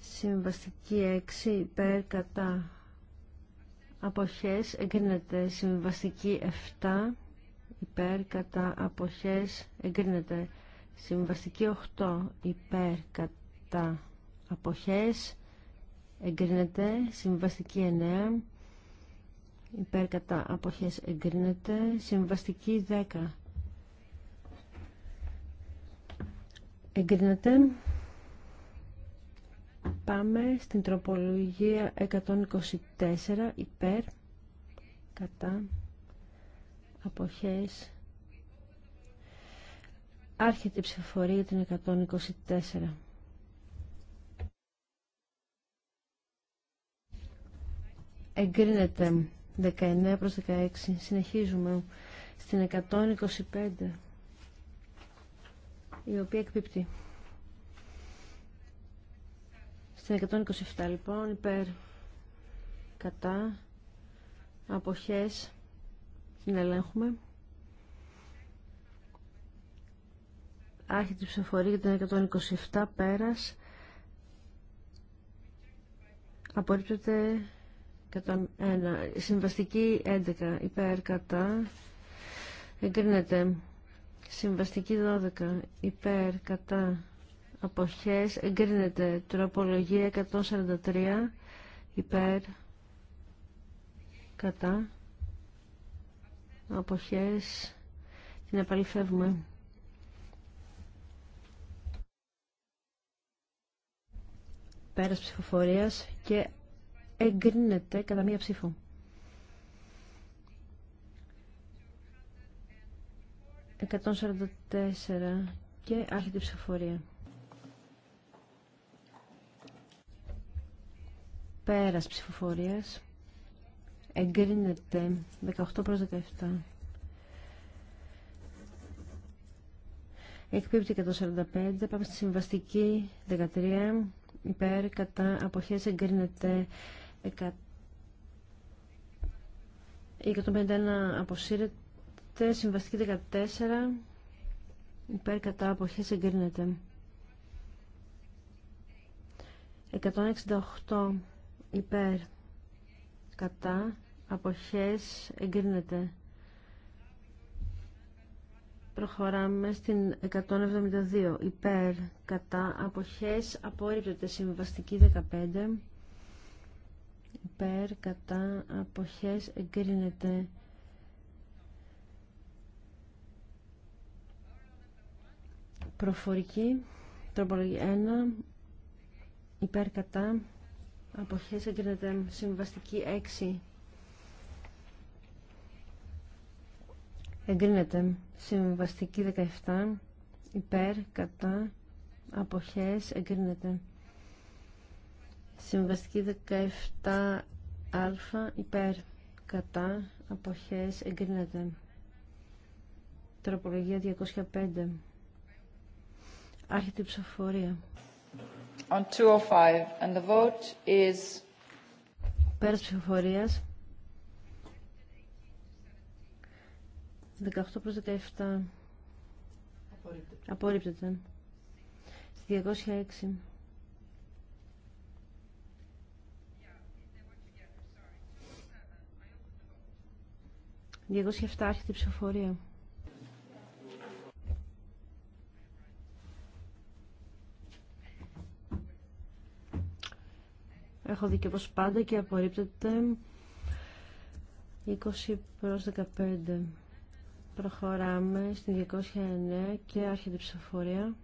Συμβαστική 6. Υπέρ κατά αποχές εγκρίνεται. Συμβαστική 7. Υπέρ κατά αποχές εγκρίνεται. Συμβαστική 8. Υπέρ κατά αποχές εγκρίνεται συμβαστική 9 υπέρ κατά αποχές εγκρίνεται συμβαστική 10 εγκρίνεται πάμε στην τροπολογία 124 υπέρ κατά αποχές άρχεται η ψηφοφορία την 124 Εγκρίνεται 19 προς 16. Συνεχίζουμε στην 125 η οποία εκπίπτει. Στην 127 λοιπόν υπέρ κατά αποχές την ελέγχουμε. Άρχεται η ψηφοφορία για την 127 πέρας. Απορρίπτεται Συμβαστική 11 υπέρ κατά εγκρίνεται. Συμβαστική 12 υπέρ κατά αποχές εγκρίνεται. Τροπολογία 143 υπέρ κατά αποχές την απαλληφεύουμε. πέρας ψηφοφορίας και εγκρίνεται κατά μία ψήφο. 144 και άρχεται η ψηφοφορία. Πέρας ψηφοφορίας εγκρίνεται 18 προς 17. Εκπίπτει 145, πάμε στη συμβαστική 13, υπέρ, κατά, αποχές εγκρίνεται 151 αποσύρεται. Συμβαστική 14. Υπέρ κατά αποχές εγκρίνεται. 168 υπέρ κατά αποχές εγκρίνεται. Προχωράμε στην 172. Υπέρ, κατά, αποχές, απόρριπτεται συμβαστική 15 υπέρ κατά αποχές εγκρίνεται προφορική τροπολογία 1 υπέρ κατά αποχές εγκρίνεται συμβαστική 6 εγκρίνεται συμβαστική 17 υπέρ κατά αποχές εγκρίνεται Συμβαστική 17α υπέρ κατά αποχές εγκρίνεται. Τροπολογία 205. Άρχεται η ψηφοφορία. On 205 and the vote is... Πέρας ψηφοφορίας. 18 προς 17. Απορρίπτεται. 206. 207 άρχεται η ψηφοφορία. Έχω και όπως πάντα και απορρίπτεται 20 προς 15. Προχωράμε στην 209 και άρχεται η ψηφοφορία.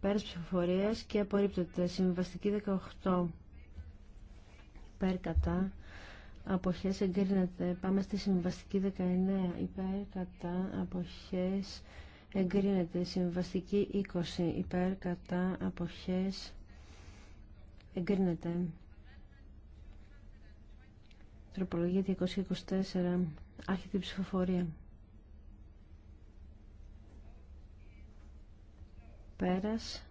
Πέρας ψηφοφορίας και απορρίπτεται Συμβαστική 18 υπέρ κατά αποχές εγκρίνεται. Πάμε στη συμβαστική 19 υπέρ κατά αποχές εγκρίνεται. Συμβαστική 20 υπέρ κατά αποχές εγκρίνεται. Τροπολογία 224 άρχεται η ψηφοφορία. Πέρας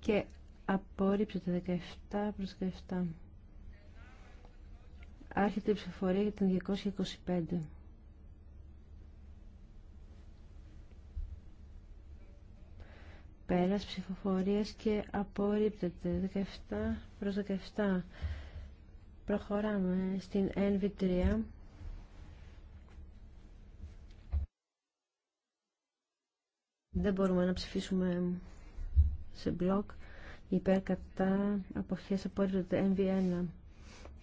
και Απόρριψε 17 προς 17. Άρχεται η ψηφοφορία για την 225. Πέρας ψηφοφορίας και απορρίπτεται 17 προς 17. Προχωράμε στην NV3. Δεν μπορούμε να ψηφίσουμε σε μπλοκ υπέρ κατά αποχές απορρίπτεται NV1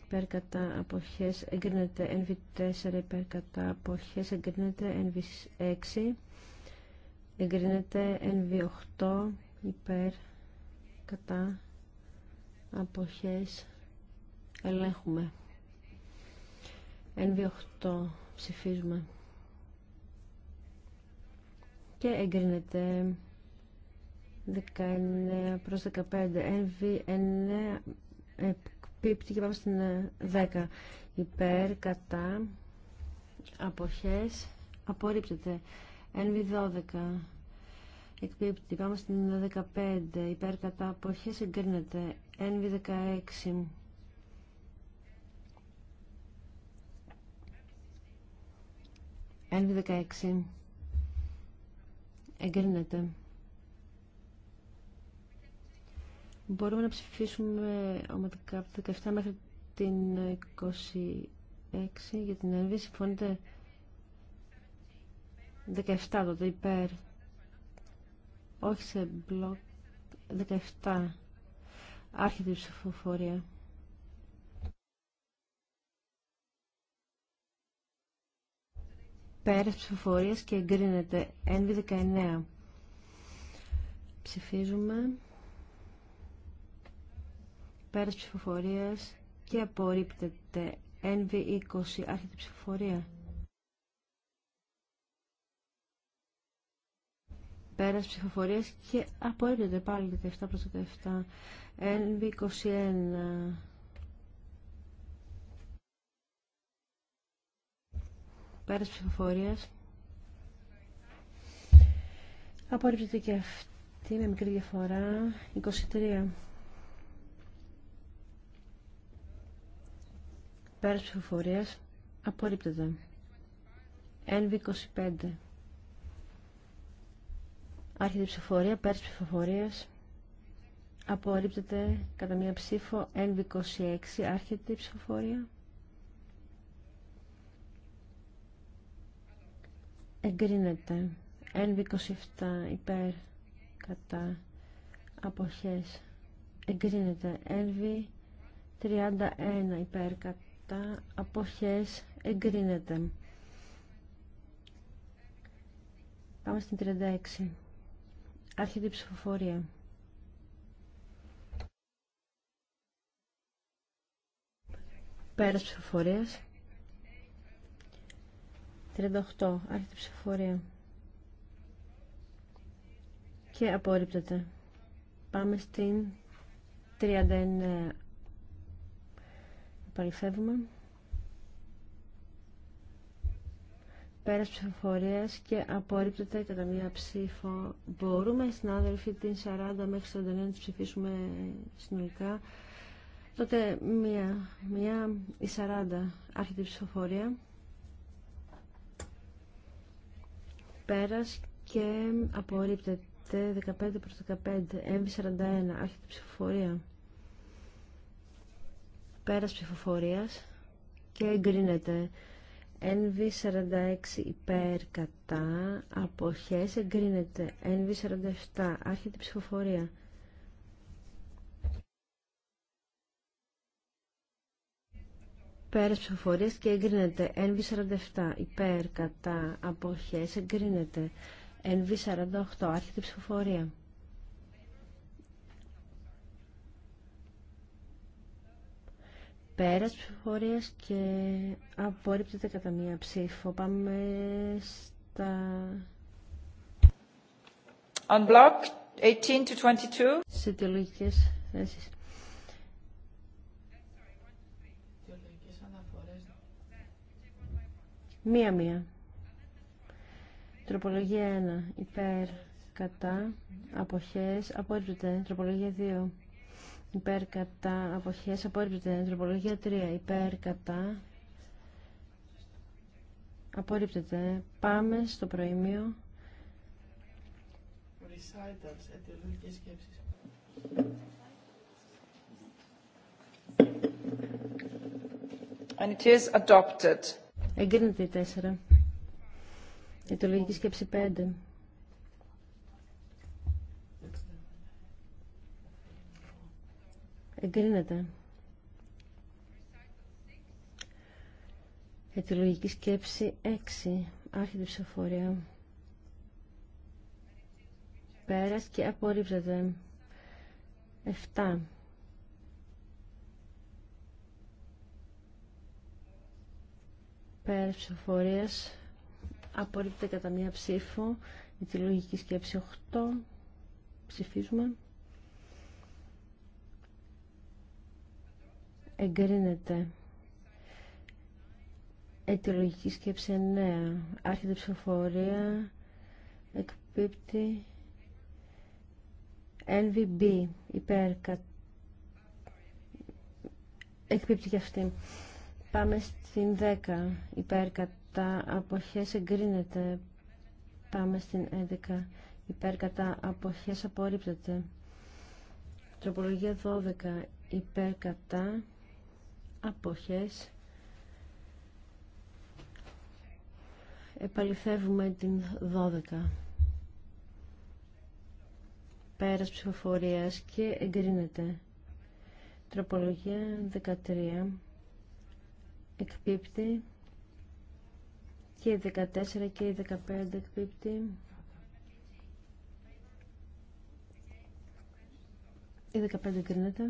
υπέρ κατά αποχές εγκρίνεται NV4 υπέρ κατά αποχές εγκρίνεται NV6 εγκρίνεται NV8 υπέρ κατά αποχές ελέγχουμε NV8 ψηφίζουμε και εγκρίνεται 19 προς 15 NV9 εκπίπτει και πάμε στην 10 ε, υπέρ κατά αποχές απορρίπτεται NV12 εκπίπτει πάμε στην 15 ε, υπέρ κατά αποχές εγκρίνεται NV16 NV16 εγκρίνεται Μπορούμε να ψηφίσουμε ομαδικά από το 17 μέχρι την 26 για την ΕΝΒΗ. Συμφωνείτε 17 τότε υπέρ. Όχι σε μπλοκ. 17. Άρχεται η ψηφοφορία. Πέρας ψηφοφορίας και εγκρίνεται. ΕΝΒΗ 19. Ψηφίζουμε. Πέρας ψηφοφορία και απορρίπτεται. NV20. Άρχεται ψηφοφορία. Πέρας ψηφοφορία και απορρίπτεται πάλι 17 προς 17. NV21. Πέρας ψηφοφορία. Απορρίπτεται και αυτή με μικρή διαφορά. 23. Πέρας ψηφοφορίας απορρίπτεται. NV25. Άρχεται η ψηφοφορια πέρας ψηφοφορίας απορρίπτεται κατά μία ψήφο NV26. Άρχεται η ψηφοφορία. Εγκρίνεται. NV27 υπέρ κατά αποχές. Εγκρίνεται. NV31 υπέρ κατά τα αποχές εγκρίνεται. Πάμε στην 36. Άρχεται η ψηφοφορία. Πέρας ψηφοφορίας. 38. Άρχεται η ψηφοφορία. Και απορρίπτεται. Πάμε στην 39. Πέρα στις ψηφοφορίες και απορρίπτεται κατά μία ψήφο. Μπορούμε, συνάδελφοι, την 40 μέχρι 49 να ψηφίσουμε συνολικά. Τότε μία, μία η 40 άρχεται η ψηφοφορία. Πέρας και απορρίπτεται 15 προς 15, έμβη 41 άρχεται η ψηφοφορία. Πέρας ψηφοφορία και εγκρίνεται. NV46 υπέρ κατά αποχές εγκρίνεται. NV47 άρχεται η ψηφοφορία. Πέρας ψηφοφορίας και εγκρίνεται. NV47 υπέρ κατά αποχές εγκρίνεται. NV48 άρχεται η ψηφοφορία. Πέρας ψηφοφορίας και απορρίπτεται κατά μία ψήφο. Πάμε στα... On block 18 to 22. Σε τελογικές θέσεις. Μία-μία. Τροπολογία 1. Υπέρ, κατά, αποχές, απορρίπτεται. Τροπολογία 2 υπέρ κατά αποχές απορρίπτεται τροπολογία 3 υπέρ κατά απορρίπτεται πάμε στο προημείο recitals, αιτιολογικές σκέψεις. And it is adopted. Εγκρίνεται η 4. Αιτιολογική σκέψη 5. εγκρίνεται. Ετυλογική σκέψη 6. Άρχιτη ψηφοφορία. Πέρας και απορρίπτεται. 7. Πέρας ψηφοφορίας. Απορρίπτεται κατά μία ψήφο. Αιτιολογική σκέψη 8. Ψηφίζουμε. εγκρίνεται. Αιτιολογική σκέψη 9. Ναι. Άρχεται ψηφοφορία. Εκπίπτει. NVB. Υπέρ. Κα... Εκπίπτει και αυτή. Πάμε στην 10. Υπέρ κατά αποχές εγκρίνεται. Πάμε στην 11. Υπέρ κατά αποχές απορρίπτεται. Τροπολογία 12. Υπέρ κατά αποχές επαληθεύουμε την 12 πέρας ψηφοφορίας και εγκρίνεται τροπολογία 13 εκπίπτει και η 14 και η 15 εκπίπτει η 15 εγκρίνεται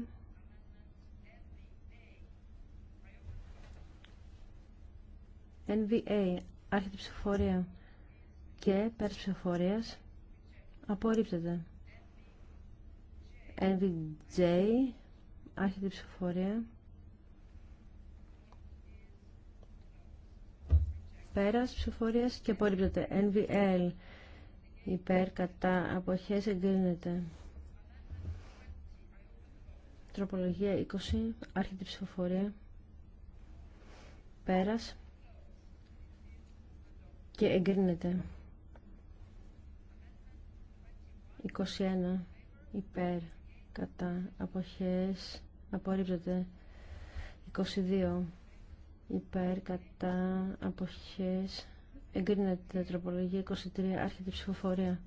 NVA, άρχεται ψηφοφορία και πέρας ψηφοφορίας απορρίπτεται. NVJ, άρχεται ψηφοφορία πέρας ψηφοφορίας και απορρίπτεται. NVL, υπέρ κατά αποχές εγκρίνεται. Τροπολογία 20, άρχεται ψηφοφορία. Πέρας και εγκρίνεται. 21 υπέρ κατά αποχές απορρίπτεται. 22 υπέρ κατά αποχές εγκρίνεται τροπολογία 23 άρχεται ψηφοφορία.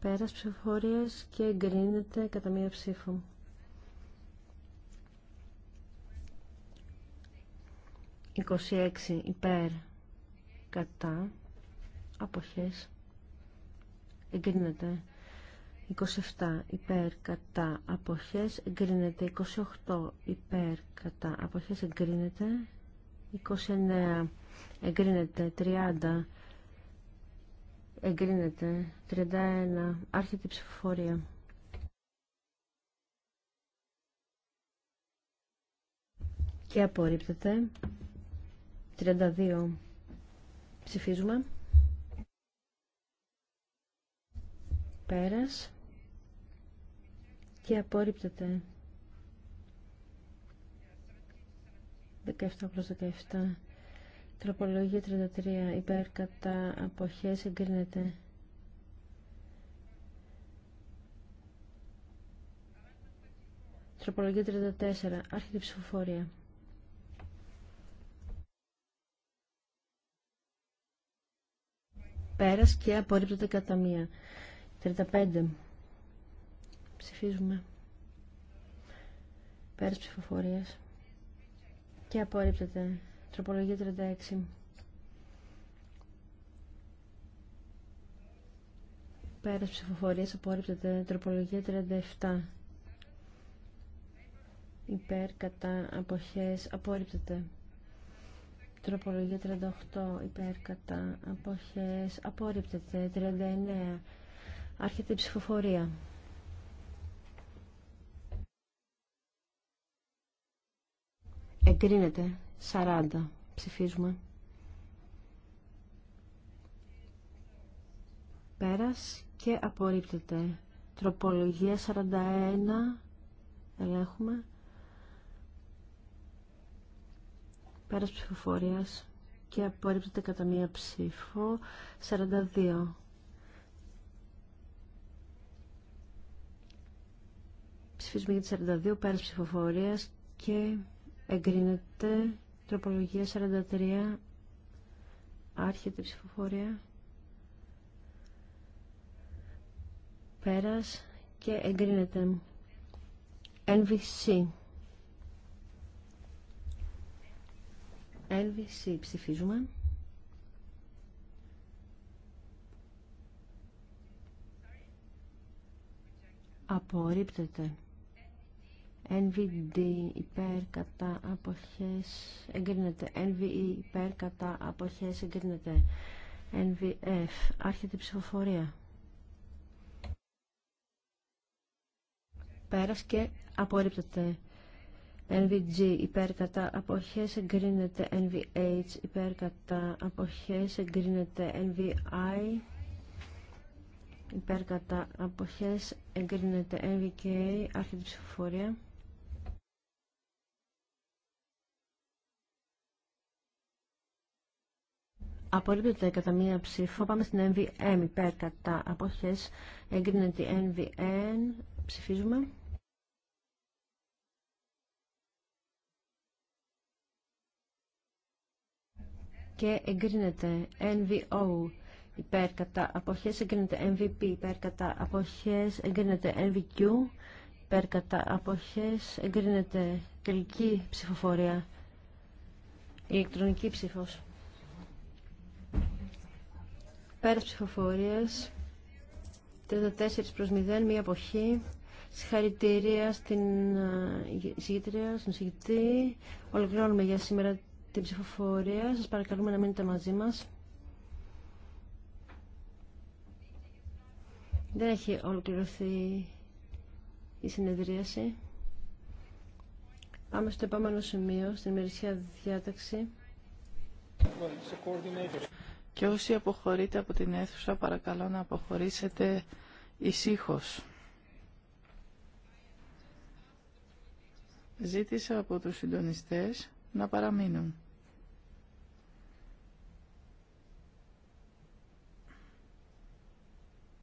Πέρας ψηφοφορίας και εγκρίνεται κατά μία ψήφο. 26 υπέρ κατά αποχές εγκρίνεται 27 υπέρ κατά αποχές εγκρίνεται 28 υπέρ κατά αποχές εγκρίνεται 29 εγκρίνεται 30 εγκρίνεται 31 άρχεται η ψηφοφορία και απορρίπτεται 32 ψηφίζουμε. Πέρας. Και απόρριπτεται. 17 προς 17. Τροπολογία 33. Υπέρ κατά αποχές εγκρίνεται. 34. Άρχεται ψηφοφορία. πέρα και απορρίπτεται κατά μία. 35. Ψηφίζουμε. Πέρα ψηφοφορία. Και απορρίπτεται. Τροπολογία 36. Πέρα ψηφοφορία απορρίπτεται. Τροπολογία 37. Υπέρ κατά αποχές απορρίπτεται. Τροπολογία 38 υπέρ αποχές απορρίπτεται 39 άρχεται η ψηφοφορία εγκρίνεται 40 ψηφίζουμε πέρας και απορρίπτεται τροπολογία 41 ελέγχουμε πέρα ψηφοφορία και απορρίπτεται κατά μία ψήφο 42. Ψηφίζουμε για τη 42, πέρα ψηφοφορία και εγκρίνεται τροπολογία 43, άρχεται η ψηφοφορία, πέρας και εγκρίνεται NVC. NVC ψηφίζουμε. Απορρίπτεται. NVD υπέρ κατά αποχές εγκρίνεται. NVE υπέρ κατά αποχές εγκρίνεται. NVF. Άρχεται η ψηφοφορία. Πέρας και απορρίπτεται. NVG υπέρ κατά αποχές εγκρίνεται NVH υπέρ κατά αποχές εγκρίνεται NVI υπέρ κατά αποχές εγκρίνεται NVK άρχη ψηφοφορία Απορρίπτεται κατά μία ψήφο. Πάμε στην NVM υπέρ κατά αποχές εγκρίνεται NVN ψηφίζουμε και εγκρίνεται NVO υπέρ κατά αποχές εγκρίνεται MVP υπέρ κατά αποχές εγκρίνεται NVQ υπέρ κατά αποχές εγκρίνεται τελική ψηφοφορία ηλεκτρονική ψήφος πέρας ψηφοφορίας 34 προς 0 μία αποχή συγχαρητήρια στην ε, συγγήτρια, στην συγγητή ολοκληρώνουμε για σήμερα την ψηφοφορία. Σας παρακαλούμε να μείνετε μαζί μας. Δεν έχει ολοκληρωθεί η συνεδρίαση. Πάμε στο επόμενο σημείο, στην ημερησία διάταξη. Και όσοι αποχωρείτε από την αίθουσα, παρακαλώ να αποχωρήσετε ησύχως. Ζήτησα από τους συντονιστές να παραμείνουν.